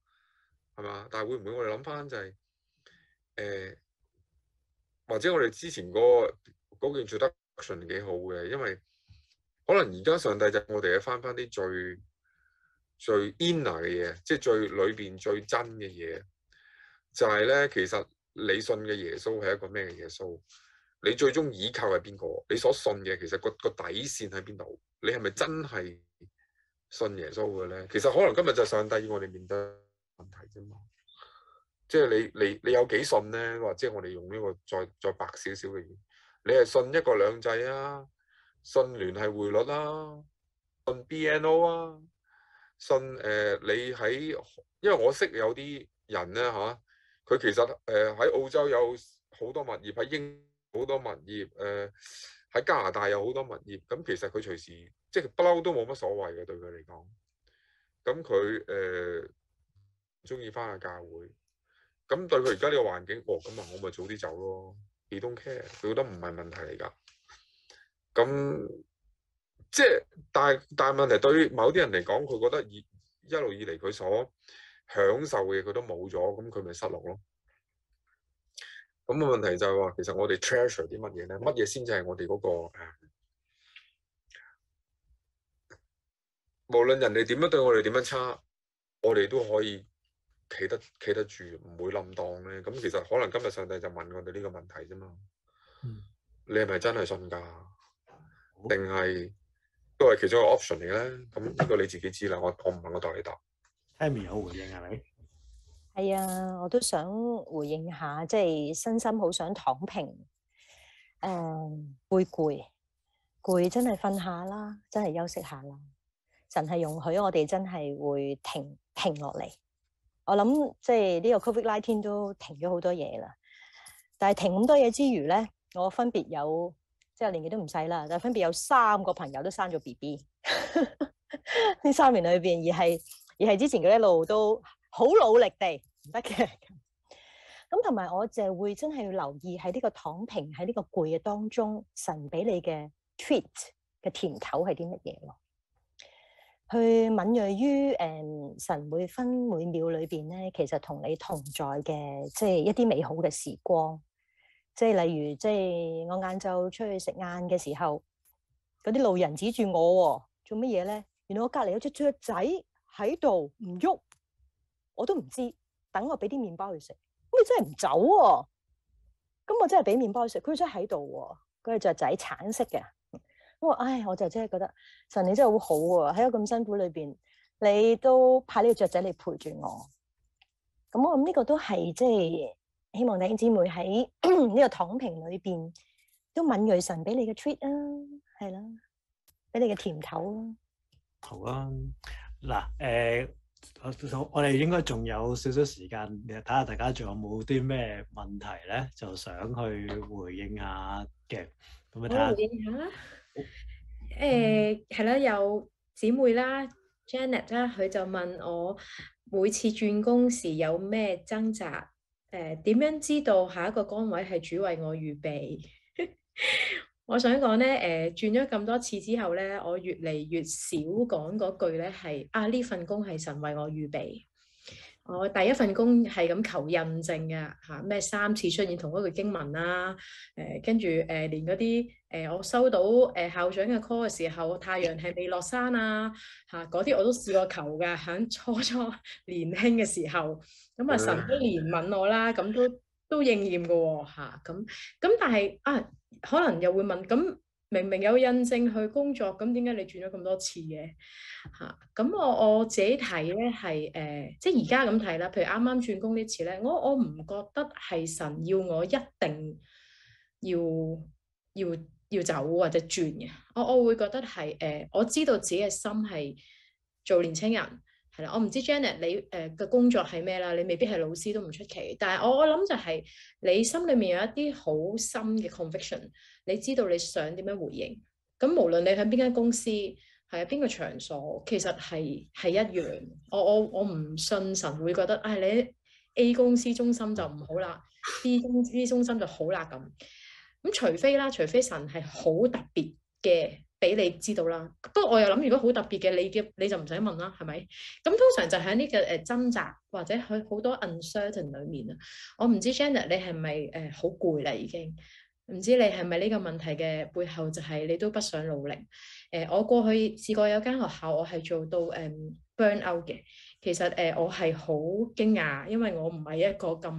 係嘛？但係會唔會我哋諗翻就係、是、誒？呃或者我哋之前個件做得順幾好嘅，因為可能而家上帝就我哋嘅翻翻啲最最 inner 嘅嘢，即係最裏邊最真嘅嘢，就係咧其實你信嘅耶穌係一個咩嘅耶穌，你最終倚靠係邊個，你所信嘅其實個個底線喺邊度？你係咪真係信耶穌嘅咧？其實可能今日就上帝要我哋面對問題啫嘛。即係你你你有幾信咧？或者我哋用呢個再再白少少嘅嘢，你係信一國兩制啊，信聯繫匯率啦，啊，信 BNO 啊，信誒、呃、你喺，因為我識有啲人咧嚇，佢其實誒喺、呃、澳洲有好多物業，喺英好多物業，誒、呃、喺加拿大有好多物業，咁其實佢隨時即係不嬲都冇乜所謂嘅對佢嚟講。咁佢誒鍾意返下教會。咁對佢而家呢個環境，哦咁啊，我咪早啲走咯。你 don't care，佢覺得唔係問題嚟㗎。咁即係但係但係問題，對於某啲人嚟講，佢覺得以一路以嚟佢所享受嘅嘢，佢都冇咗，咁佢咪失落咯。咁個問題就係話，其實我哋 treasure 啲乜嘢咧？乜嘢先至係我哋嗰個誒，無論人哋點樣對我哋點樣差，我哋都可以企得企得住，唔會冧當咧。咁其實可能今日上帝就問我哋呢個問題啫嘛。嗯、你係咪真係信噶？定係、嗯、都係其中一個 option 嚟咧？咁、嗯、呢、這個你自己知啦。我我唔問，我代你答。Amy 有回應係咪？係啊，我都想回應下，即係身心好想躺平。誒、呃，會攰，攰真係瞓下啦，真係休息下啦。神係容許我哋真係會停停落嚟。我諗即係呢個 Covid nineteen 都停咗好多嘢啦，但係停咁多嘢之餘咧，我分別有即係年紀都唔細啦，但分別有三個朋友都生咗 B B。呢 三年裏邊，而係而係之前佢一路都好努力地唔得嘅。咁同埋我就會真係要留意喺呢個躺平喺呢個攰嘅當中，神俾你嘅 treat 嘅甜頭係啲乜嘢咯？去敏銳於誒神每分每秒裏邊咧，其實同你同在嘅，即係一啲美好嘅時光。即係例如，即係我晏晝出去食晏嘅時候，嗰啲路人指住我，哦，做乜嘢咧？原來我隔離有隻雀仔喺度唔喐，我都唔知。等我俾啲麵包佢食，咁你真係唔走喎，啊？咁我真係俾麵包佢食，佢真係喺度。嗰隻雀仔橙色嘅。我唉、哎，我就真係覺得神你真係好好、啊、喎，喺咁辛苦裏邊，你都派呢個雀仔嚟陪住我。咁我諗呢、這個都係即係希望弟兄姊妹喺呢、 這個躺平裏邊都敏銳神俾你嘅 treat 啊，係啦、啊，俾你嘅甜頭咯、啊。好啊，嗱，誒、呃，我我哋應該仲有少少時間，睇下大家仲有冇啲咩問題咧，就想去回應下嘅。咁啊，睇下。誒，係、uh, 啦，有姊妹啦，Janet 啦，佢就問我每次轉工時有咩掙扎？誒、呃，點樣知道下一個崗位係主為我預備？ 我想講咧，誒、呃，轉咗咁多次之後咧，我越嚟越少講嗰句咧，係啊，呢份工係神為我預備。我第一份工係咁求印證嘅，吓咩三次出現同一句經文啊？誒、呃，跟住誒連嗰啲誒，我收到誒、呃、校長嘅 call 嘅時候，太陽係未落山啊？吓、啊，嗰啲我都試過求嘅，響初初年輕嘅時候，咁啊神都憐憫我啦，咁都都應驗嘅、啊，吓咁咁但係啊，可能又會問咁。明明有印證去工作，咁點解你轉咗咁多次嘅？吓、啊，咁我我自己睇咧係誒，即係而家咁睇啦，譬如啱啱轉工呢次咧，我我唔覺得係神要我一定要要要走或者轉嘅，我我會覺得係誒、呃，我知道自己嘅心係做年青人。我唔知 Janet 你誒嘅工作係咩啦？你未必係老師都唔出奇。但係我我諗就係你心裏面有一啲好深嘅 conviction，你知道你想點樣回應。咁無論你喺邊間公司，喺啊邊個場所，其實係係一樣。我我我唔信神會覺得，唉、哎、你 A 公司中心就唔好啦 ，B 公司中心就好啦咁。咁除非啦，除非神係好特別嘅。俾你知道啦，不過我又諗，如果好特別嘅，你嘅你就唔使問啦，係咪？咁通常就喺呢個誒掙扎或者喺好多 uncertain 裏面啦。我唔知 Janet 你係咪誒好攰啦，已經唔知你係咪呢個問題嘅背後就係你都不想努力。誒、呃，我過去試過有間學校，我係做到誒、呃、burn out 嘅，其實誒、呃、我係好驚訝，因為我唔係一個咁。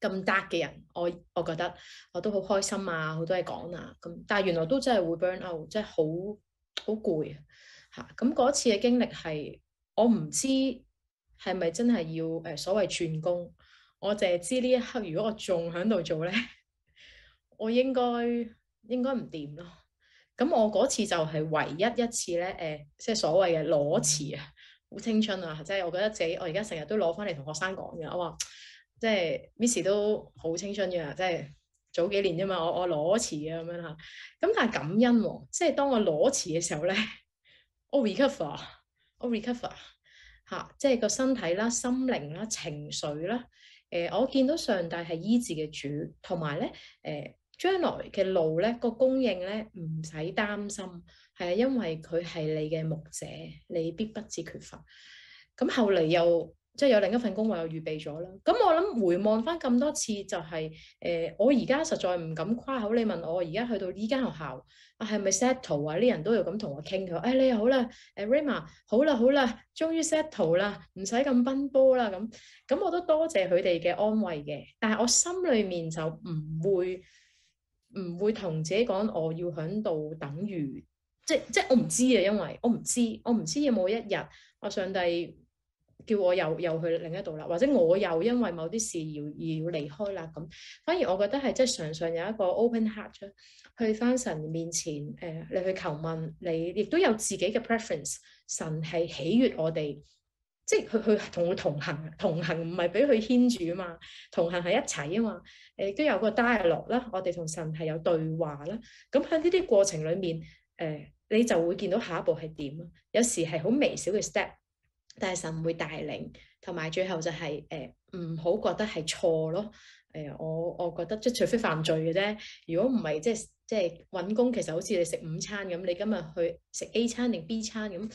咁大嘅人，我我覺得我都好開心啊，好多嘢講啊，咁但係原來都真係會 burn out，真係好好攰嚇。咁嗰、啊啊、次嘅經歷係我唔知係咪真係要誒、呃、所謂轉工，我凈係知呢一刻如果我仲喺度做咧，我應該應該唔掂咯。咁、啊、我嗰次就係唯一一次咧誒、呃，即係所謂嘅裸辭啊，好青春啊，即係我覺得自己我而家成日都攞翻嚟同學生講嘅，我話。即係 Miss 都好青春嘅，即係早幾年啫嘛。我我裸辭啊咁樣吓，咁但係感恩，即係當我裸辭嘅時候咧，我 recover，我 recover 吓，即係個身體啦、心靈啦、情緒啦。誒、呃，我見到上帝係醫治嘅主，同埋咧，誒將來嘅路咧、這個供應咧唔使擔心，係因為佢係你嘅牧者，你必不至缺乏。咁、嗯、後嚟又。即係有另一份工為我預備咗啦。咁我諗回望翻咁多次，就係、是、誒、呃，我而家實在唔敢誇口。你問我而家去到呢間學校啊，係咪 settle 啊？啲人都要咁同我傾，佢話。誒、啊、你好啦，誒、啊、Rayma，好啦好啦，終於 settle 啦，唔使咁奔波啦。咁咁我都多謝佢哋嘅安慰嘅。但係我心裡面就唔會唔會同自己講，我要喺度等於。即即係我唔知啊，因為我唔知，我唔知有冇一日，我上帝。叫我又又去另一度啦，或者我又因為某啲事而而要離開啦咁。反而我覺得係即係常常有一個 open heart 去翻神面前，誒、呃、你去求問，你亦都有自己嘅 preference。神係喜悅我哋，即係佢去同佢同行，同行唔係俾佢牽住啊嘛，同行係一齊啊嘛。誒、呃、都有個 dialog 啦，我哋同神係有對話啦。咁喺呢啲過程裡面，誒、呃、你就會見到下一步係點。有時係好微小嘅 step。但係神會帶領，同埋最後就係誒唔好覺得係錯咯。誒、呃，我我覺得即係除非犯罪嘅啫。如果唔係即係即係揾工，其實好似你食午餐咁，你今日去食 A 餐定 B 餐咁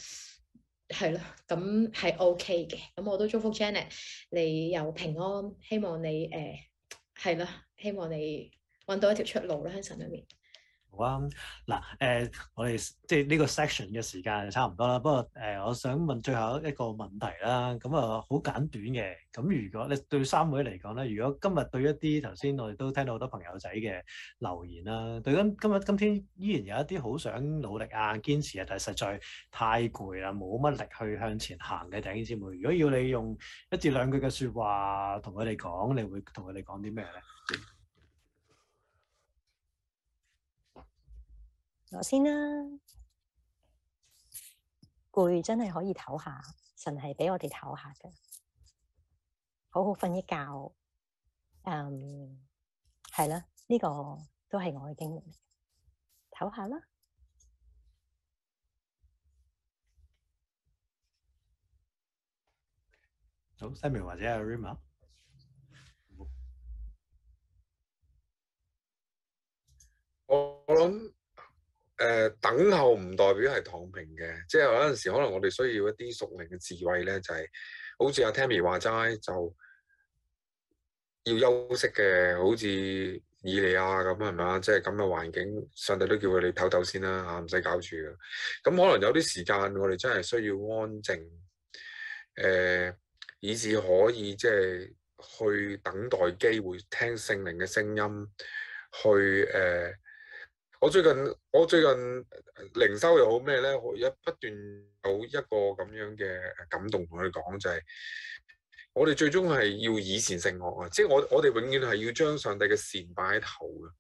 係咯，咁係 OK 嘅。咁、嗯、我都祝福 Janet 你又平安，希望你誒係、呃、咯，希望你揾到一條出路啦喺神裏面。好啊，嗱，誒，我哋即係呢個 section 嘅時間差唔多啦。不過誒，我想問最後一個問題啦。咁啊，好簡短嘅。咁如果你對三位嚟講咧，如果今日對一啲頭先我哋都聽到好多朋友仔嘅留言啦，對今今日今天依然有一啲好想努力啊、堅持啊，但係實在太攰啦，冇乜力去向前行嘅弟兄姊妹。如果要你用一至兩句嘅説話同佢哋講，你會同佢哋講啲咩咧？我先啦，攰真係可以唞下，神係俾我哋唞下嘅，好好瞓一覺。嗯，係啦，呢、這個都係我嘅經歷，唞下啦。好，思明或者 Rima，我。 誒、呃、等候唔代表係躺平嘅，即係有陣時可能我哋需要一啲屬靈嘅智慧咧，就係、是、好似阿 Tammy 話齋，就要休息嘅，好似以利亞咁，係咪啊？即係咁嘅環境，上帝都叫佢哋唞唞先啦，嚇唔使搞住。咁可能有啲時間，我哋真係需要安靜，誒、呃，以至可以即係去等待機會，聽聖靈嘅聲音，去誒。呃我最近我最近靈修又好咩咧，我一不斷有一個咁樣嘅感動同佢講，就係、是、我哋最終係要以善勝惡啊！即係我我哋永遠係要將上帝嘅善擺喺頭嘅，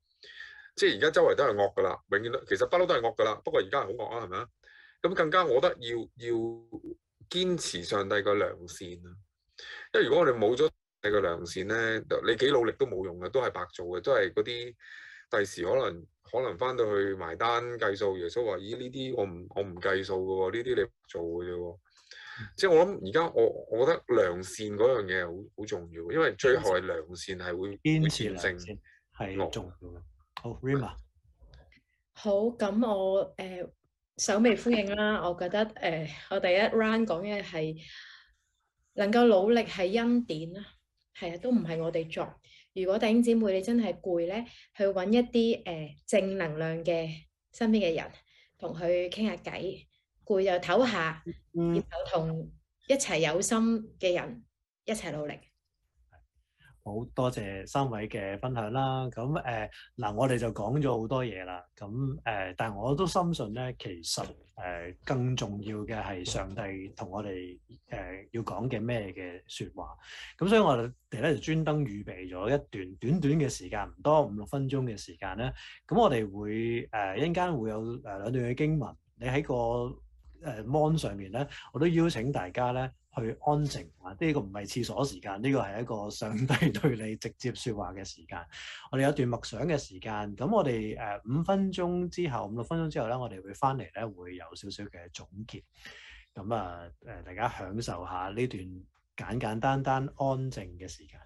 即係而家周圍都係惡噶啦，永遠都其實不嬲都係惡噶啦，不過而家係好惡啊，係咪啊？咁更加我覺得要要堅持上帝嘅良善啊！因為如果我哋冇咗上帝嘅良善咧，你幾努力都冇用嘅，都係白做嘅，都係嗰啲第時可能。可能翻到去埋單計數，耶穌話：咦呢啲我唔我唔計數嘅喎，呢啲你做嘅啫喎。嗯、即係我諗而家我我覺得良善嗰樣嘢係好好重要，因為最後係良善係會前堅持性係重要。好，Rima。好，咁是我誒、呃、首尾呼應啦。我覺得誒、呃、我第一 Round 講嘅係能夠努力係恩典啦，係啊，都唔係我哋作。如果弟兄姊妹你真係攰咧，去揾一啲誒、呃、正能量嘅身邊嘅人，同佢傾下偈，攰就唞下，嗯、然後同一齊有心嘅人一齊努力。嗯、好多謝三位嘅分享啦，咁誒嗱我哋就講咗好多嘢啦，咁誒、呃，但係我都深信咧，其實。誒更重要嘅係上帝同我哋誒、呃、要講嘅咩嘅説話，咁所以我哋咧就專登預備咗一段短短嘅時間，唔多五六分鐘嘅時間咧，咁我哋會誒一陣間會有誒兩段嘅經文，你喺個誒 Mon、呃、上面咧，我都邀請大家咧。去安靜啊！呢個唔係廁所時間，呢個係一個上帝對你直接説話嘅時間。我哋有段默想嘅時間，咁我哋誒五分鐘之後、五六分鐘之後咧，我哋會翻嚟咧，會有少少嘅總結。咁啊誒，大家享受下呢段簡簡單單安靜嘅時間。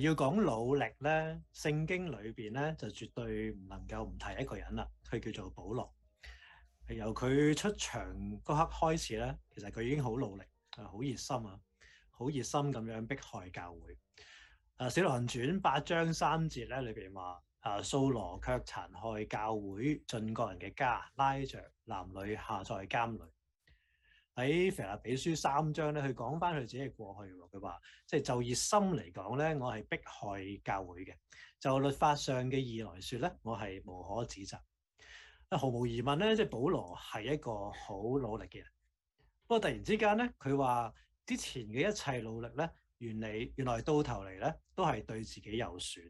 要講努力咧，聖經裏邊咧就絕對唔能夠唔提一個人啦。佢叫做保羅，由佢出場嗰刻開始咧，其實佢已經好努力，係好熱心啊，好熱心咁樣逼害教會。誒《使徒行傳》八章三節咧，裏邊話誒掃羅卻殘害教會，進各人嘅家，拉着男女下在監裏。喺腓立比書三章咧，佢講翻佢自己嘅過去喎。佢話，即係就熱心嚟講咧，我係迫害教會嘅；就律法上嘅義來說咧，我係無可指責。毫無疑問咧，即係保羅係一個好努力嘅人。不過突然之間咧，佢話之前嘅一切努力咧，原嚟原來到頭嚟咧，都係對自己有損，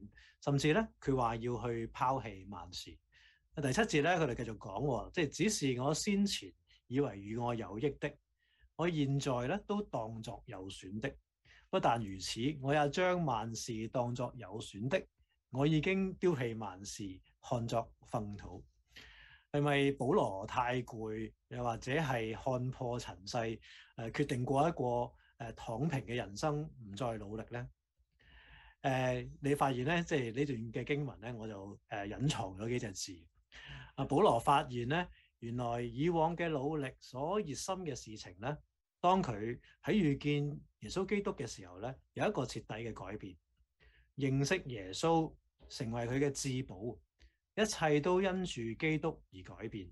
甚至咧佢話要去拋棄萬事。第七節咧，佢哋繼續講喎，即係只是指示我先前。以為與我有益的，我現在咧都當作有損的。不但如此，我也將萬事當作有損的。我已經丟棄萬事，看作糞土。係咪保羅太攰，又或者係看破塵世，誒、呃，決定過一個誒、呃、躺平嘅人生，唔再努力咧？誒、呃，你發現咧，即係呢段嘅經文咧，我就誒、呃、隱藏咗幾隻字。阿、啊、保羅發現咧。原來以往嘅努力所熱心嘅事情咧，當佢喺遇見耶穌基督嘅時候咧，有一個徹底嘅改變，認識耶穌成為佢嘅至寶，一切都因住基督而改變。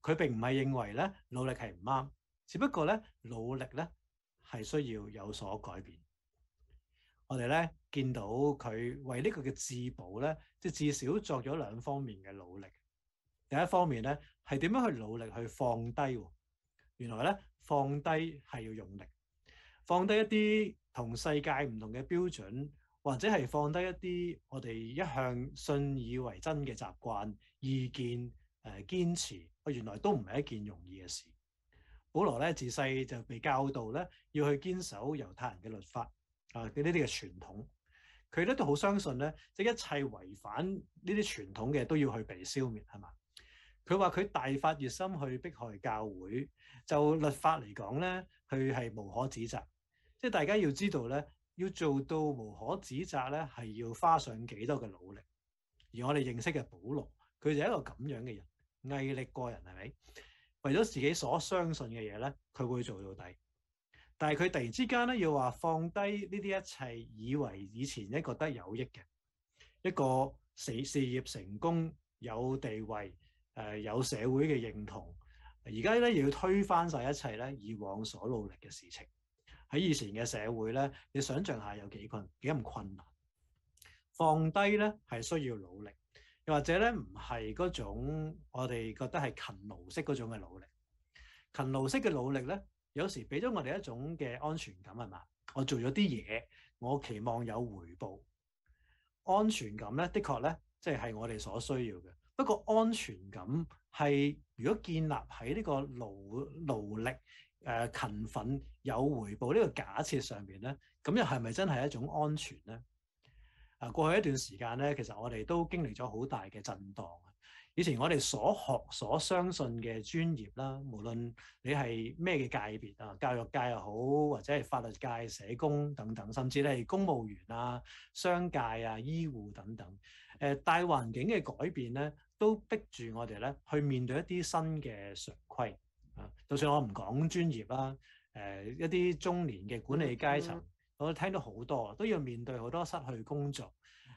佢並唔係認為咧努力係唔啱，只不過咧努力咧係需要有所改變。我哋咧見到佢為呢個嘅至寶咧，即至少作咗兩方面嘅努力。第一方面咧。係點樣去努力去放低？原來咧，放低係要用力，放低一啲同世界唔同嘅標準，或者係放低一啲我哋一向信以為真嘅習慣、意見、誒、呃、堅持。原來都唔係一件容易嘅事。保羅咧自細就被教導咧，要去堅守猶太人嘅律法啊，呢啲嘅傳統。佢咧都好相信咧，即一切違反呢啲傳統嘅都要去被消滅，係嘛？佢話佢大發熱心去迫害教會，就律法嚟講呢，佢係無可指責。即係大家要知道呢，要做到無可指責呢，係要花上幾多嘅努力。而我哋認識嘅保羅，佢就係一個咁樣嘅人，毅力過人係咪？為咗自己所相信嘅嘢呢，佢會做到底。但係佢突然之間呢，要話放低呢啲一切，以為以前一個得有益嘅，一個事事業成功有地位。誒有社會嘅認同，而家咧又要推翻晒一切咧，以往所努力嘅事情。喺以前嘅社會咧，你想象下有幾困幾咁困難？放低咧係需要努力，又或者咧唔係嗰種我哋覺得係勤勞式嗰種嘅努力。勤勞式嘅努力咧，有時俾咗我哋一種嘅安全感係嘛？我做咗啲嘢，我期望有回報。安全感咧，的確咧，即係我哋所需要嘅。不過安全感，係如果建立喺呢個勞勞力，誒勤奮有回報呢個假設上面咧，咁又係咪真係一種安全咧？啊，過去一段時間咧，其實我哋都經歷咗好大嘅震盪。以前我哋所學所相信嘅專業啦，無論你係咩嘅界別啊，教育界又好，或者係法律界、社工等等，甚至係公務員啊、商界啊、醫護等等，誒大環境嘅改變咧。都逼住我哋咧去面對一啲新嘅常規啊！就算我唔講專業啦，誒、呃、一啲中年嘅管理階層，我都聽到好多都要面對好多失去工作。誒、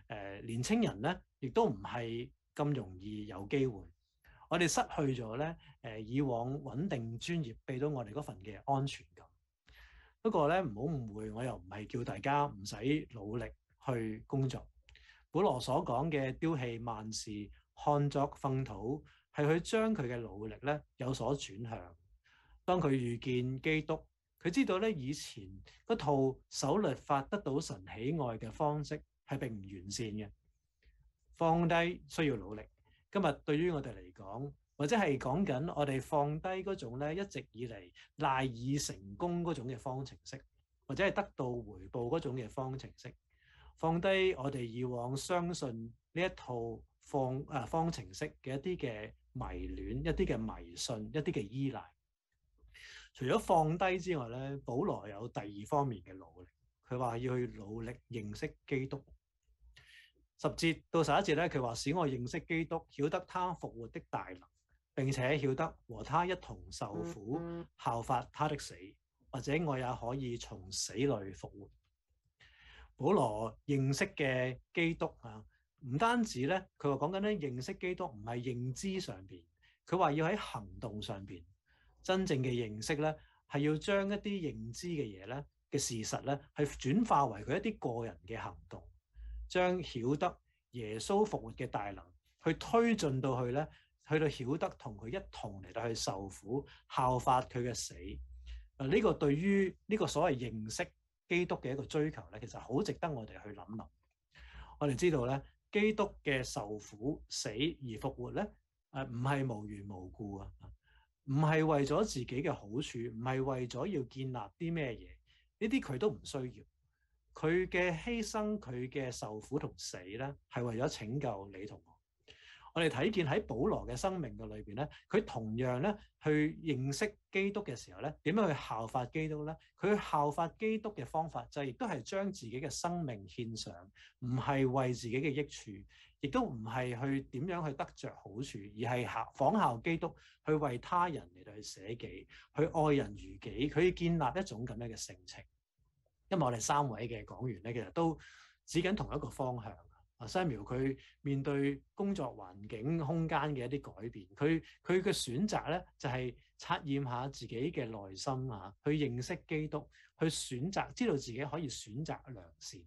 呃、年青人咧，亦都唔係咁容易有機會。我哋失去咗咧誒以往穩定專業俾到我哋嗰份嘅安全感。不過咧，唔好誤會，我又唔係叫大家唔使努力去工作。保羅所講嘅丟棄萬事，看作糞土，係佢將佢嘅努力咧有所轉向。當佢遇見基督，佢知道咧以前嗰套守律法得到神喜愛嘅方式係並唔完善嘅。放低需要努力。今日對於我哋嚟講，或者係講緊我哋放低嗰種咧一直以嚟賴以成功嗰種嘅方程式，或者係得到回報嗰種嘅方程式。放低我哋以往相信呢一套。放誒方程式嘅一啲嘅迷戀，一啲嘅迷信，一啲嘅依賴。除咗放低之外咧，保羅有第二方面嘅努力。佢話要去努力認識基督。十節到十一節咧，佢話使我認識基督，曉得他復活的大能，並且曉得和他一同受苦，效法他的死，或者我也可以從死裏復活。保羅認識嘅基督啊！唔單止咧，佢話講緊咧認識基督唔係認知上邊，佢話要喺行動上邊真正嘅認識咧，係要將一啲認知嘅嘢咧嘅事實咧，係轉化為佢一啲個人嘅行動，將曉得耶穌復活嘅大能去推進到去咧，去到曉得同佢一同嚟到去受苦，效法佢嘅死。啊，呢個對於呢個所謂認識基督嘅一個追求咧，其實好值得我哋去諗諗。我哋知道咧。基督嘅受苦死而復活咧，誒唔係無緣無故啊，唔係為咗自己嘅好處，唔係為咗要建立啲咩嘢，呢啲佢都唔需要。佢嘅犧牲，佢嘅受苦同死咧，係為咗拯救你同我。我哋睇見喺保羅嘅生命嘅裏邊咧，佢同樣咧去認識基督嘅時候咧，點樣去效法基督咧？佢效法基督嘅方法就係亦都係將自己嘅生命獻上，唔係為自己嘅益處，亦都唔係去點樣去得着好處，而係效仿效基督去為他人嚟到去捨己，去愛人如己，佢建立一種咁樣嘅性情。因為我哋三位嘅講員咧，其實都指緊同一個方向。阿 Samuel 佢面對工作環境空間嘅一啲改變，佢佢嘅選擇咧就係測驗下自己嘅內心啊，去認識基督，去選擇知道自己可以選擇良善。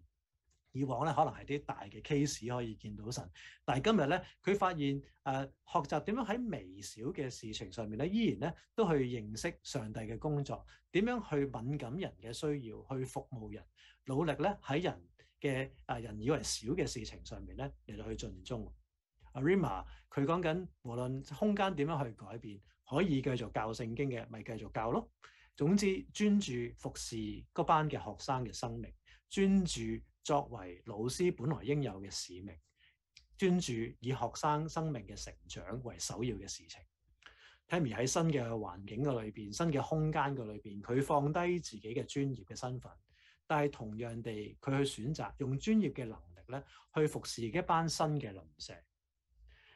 以往咧可能係啲大嘅 case 可以見到神，但係今日咧佢發現誒、呃、學習點樣喺微小嘅事情上面咧，依然咧都去認識上帝嘅工作，點樣去敏感人嘅需要，去服務人，努力咧喺人，嘅誒人以為少嘅事情上面咧，亦都去盡忠。阿、啊、Rima 佢講緊，無論空間點樣去改變，可以繼續教聖經嘅，咪繼續教咯。總之，專注服侍嗰班嘅學生嘅生命，專注作為老師本來應有嘅使命，專注以學生生命嘅成長為首要嘅事情。Timmy 喺、嗯、新嘅環境嘅裏邊，新嘅空間嘅裏邊，佢放低自己嘅專業嘅身份。但係同樣地，佢去選擇用專業嘅能力咧，去服侍一班新嘅鄰舍。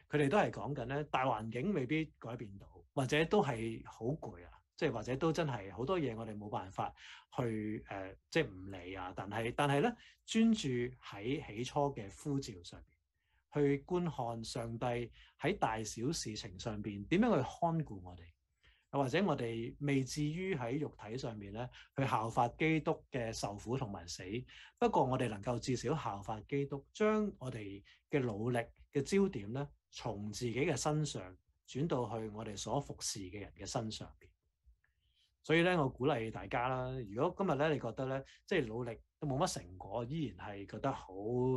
佢哋都係講緊咧，大環境未必改變到，或者都係好攰啊，即係或者都真係好多嘢我哋冇辦法去誒，即係唔理啊。但係但係咧，專注喺起初嘅呼召上邊，去觀看上帝喺大小事情上邊點樣去看顧我哋。或者我哋未至於喺肉體上面咧去效法基督嘅受苦同埋死，不過我哋能夠至少效法基督，將我哋嘅努力嘅焦點咧，從自己嘅身上轉到去我哋所服侍嘅人嘅身上邊。所以咧，我鼓勵大家啦，如果今日咧你覺得咧，即係努力都冇乜成果，依然係覺得好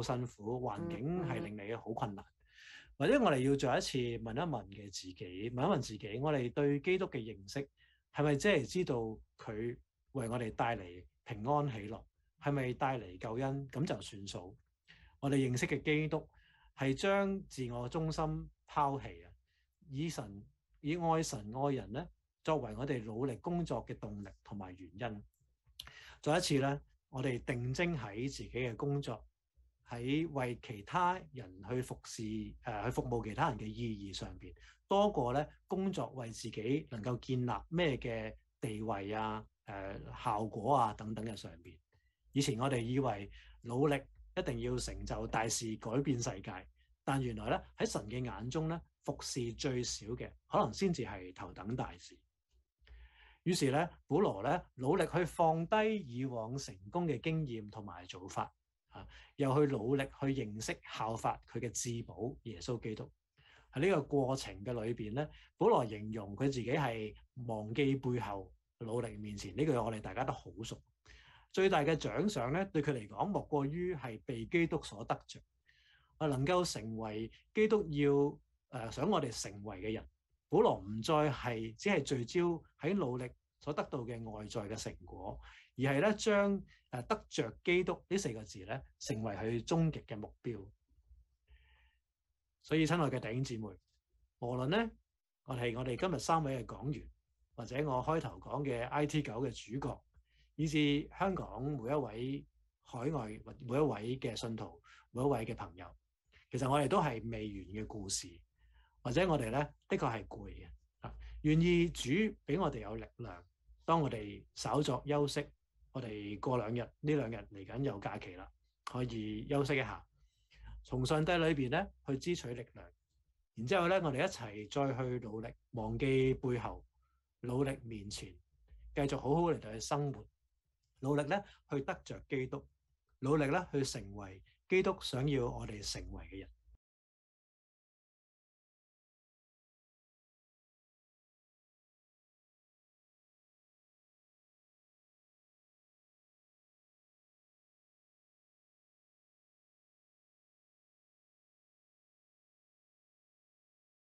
辛苦，環境係令你好困難。嗯嗯或者我哋要做一次問一問嘅自己，問一問自己，我哋對基督嘅認識係咪即係知道佢為我哋帶嚟平安喜樂，係咪帶嚟救恩咁就算數？我哋認識嘅基督係將自我中心拋棄啊，以神以愛神愛人咧作為我哋努力工作嘅動力同埋原因。再一次咧，我哋定睛喺自己嘅工作。喺為其他人去服侍、誒、呃、去服務其他人嘅意義上邊，多過咧工作為自己能夠建立咩嘅地位啊、誒、呃、效果啊等等嘅上邊。以前我哋以為努力一定要成就大事、改變世界，但原來咧喺神嘅眼中咧，服侍最少嘅可能先至係頭等大事。於是咧，保羅咧努力去放低以往成功嘅經驗同埋做法。又去努力去認識效法佢嘅至寶耶穌基督，喺呢個過程嘅裏邊咧，保羅形容佢自己係忘記背後，努力面前呢句我哋大家都好熟。最大嘅獎賞咧，對佢嚟講，莫過於係被基督所得着，啊，能夠成為基督要誒、呃、想我哋成為嘅人。保羅唔再係只係聚焦喺努力所得到嘅外在嘅成果。而係咧，將誒得著基督呢四個字咧，成為佢終極嘅目標。所以親愛嘅弟兄姊妹，無論咧我哋係我哋今日三位嘅講員，或者我開頭講嘅 IT 狗嘅主角，以至香港每一位海外或每一位嘅信徒，每一位嘅朋友，其實我哋都係未完嘅故事，或者我哋咧，的確係攰嘅。願意主俾我哋有力量，當我哋稍作休息。我哋過兩日呢兩日嚟緊有假期啦，可以休息一下，從上帝裏邊咧去支取力量，然之後咧我哋一齊再去努力，忘記背後，努力面前，繼續好好哋去生活，努力咧去得着基督，努力咧去成為基督想要我哋成為嘅人。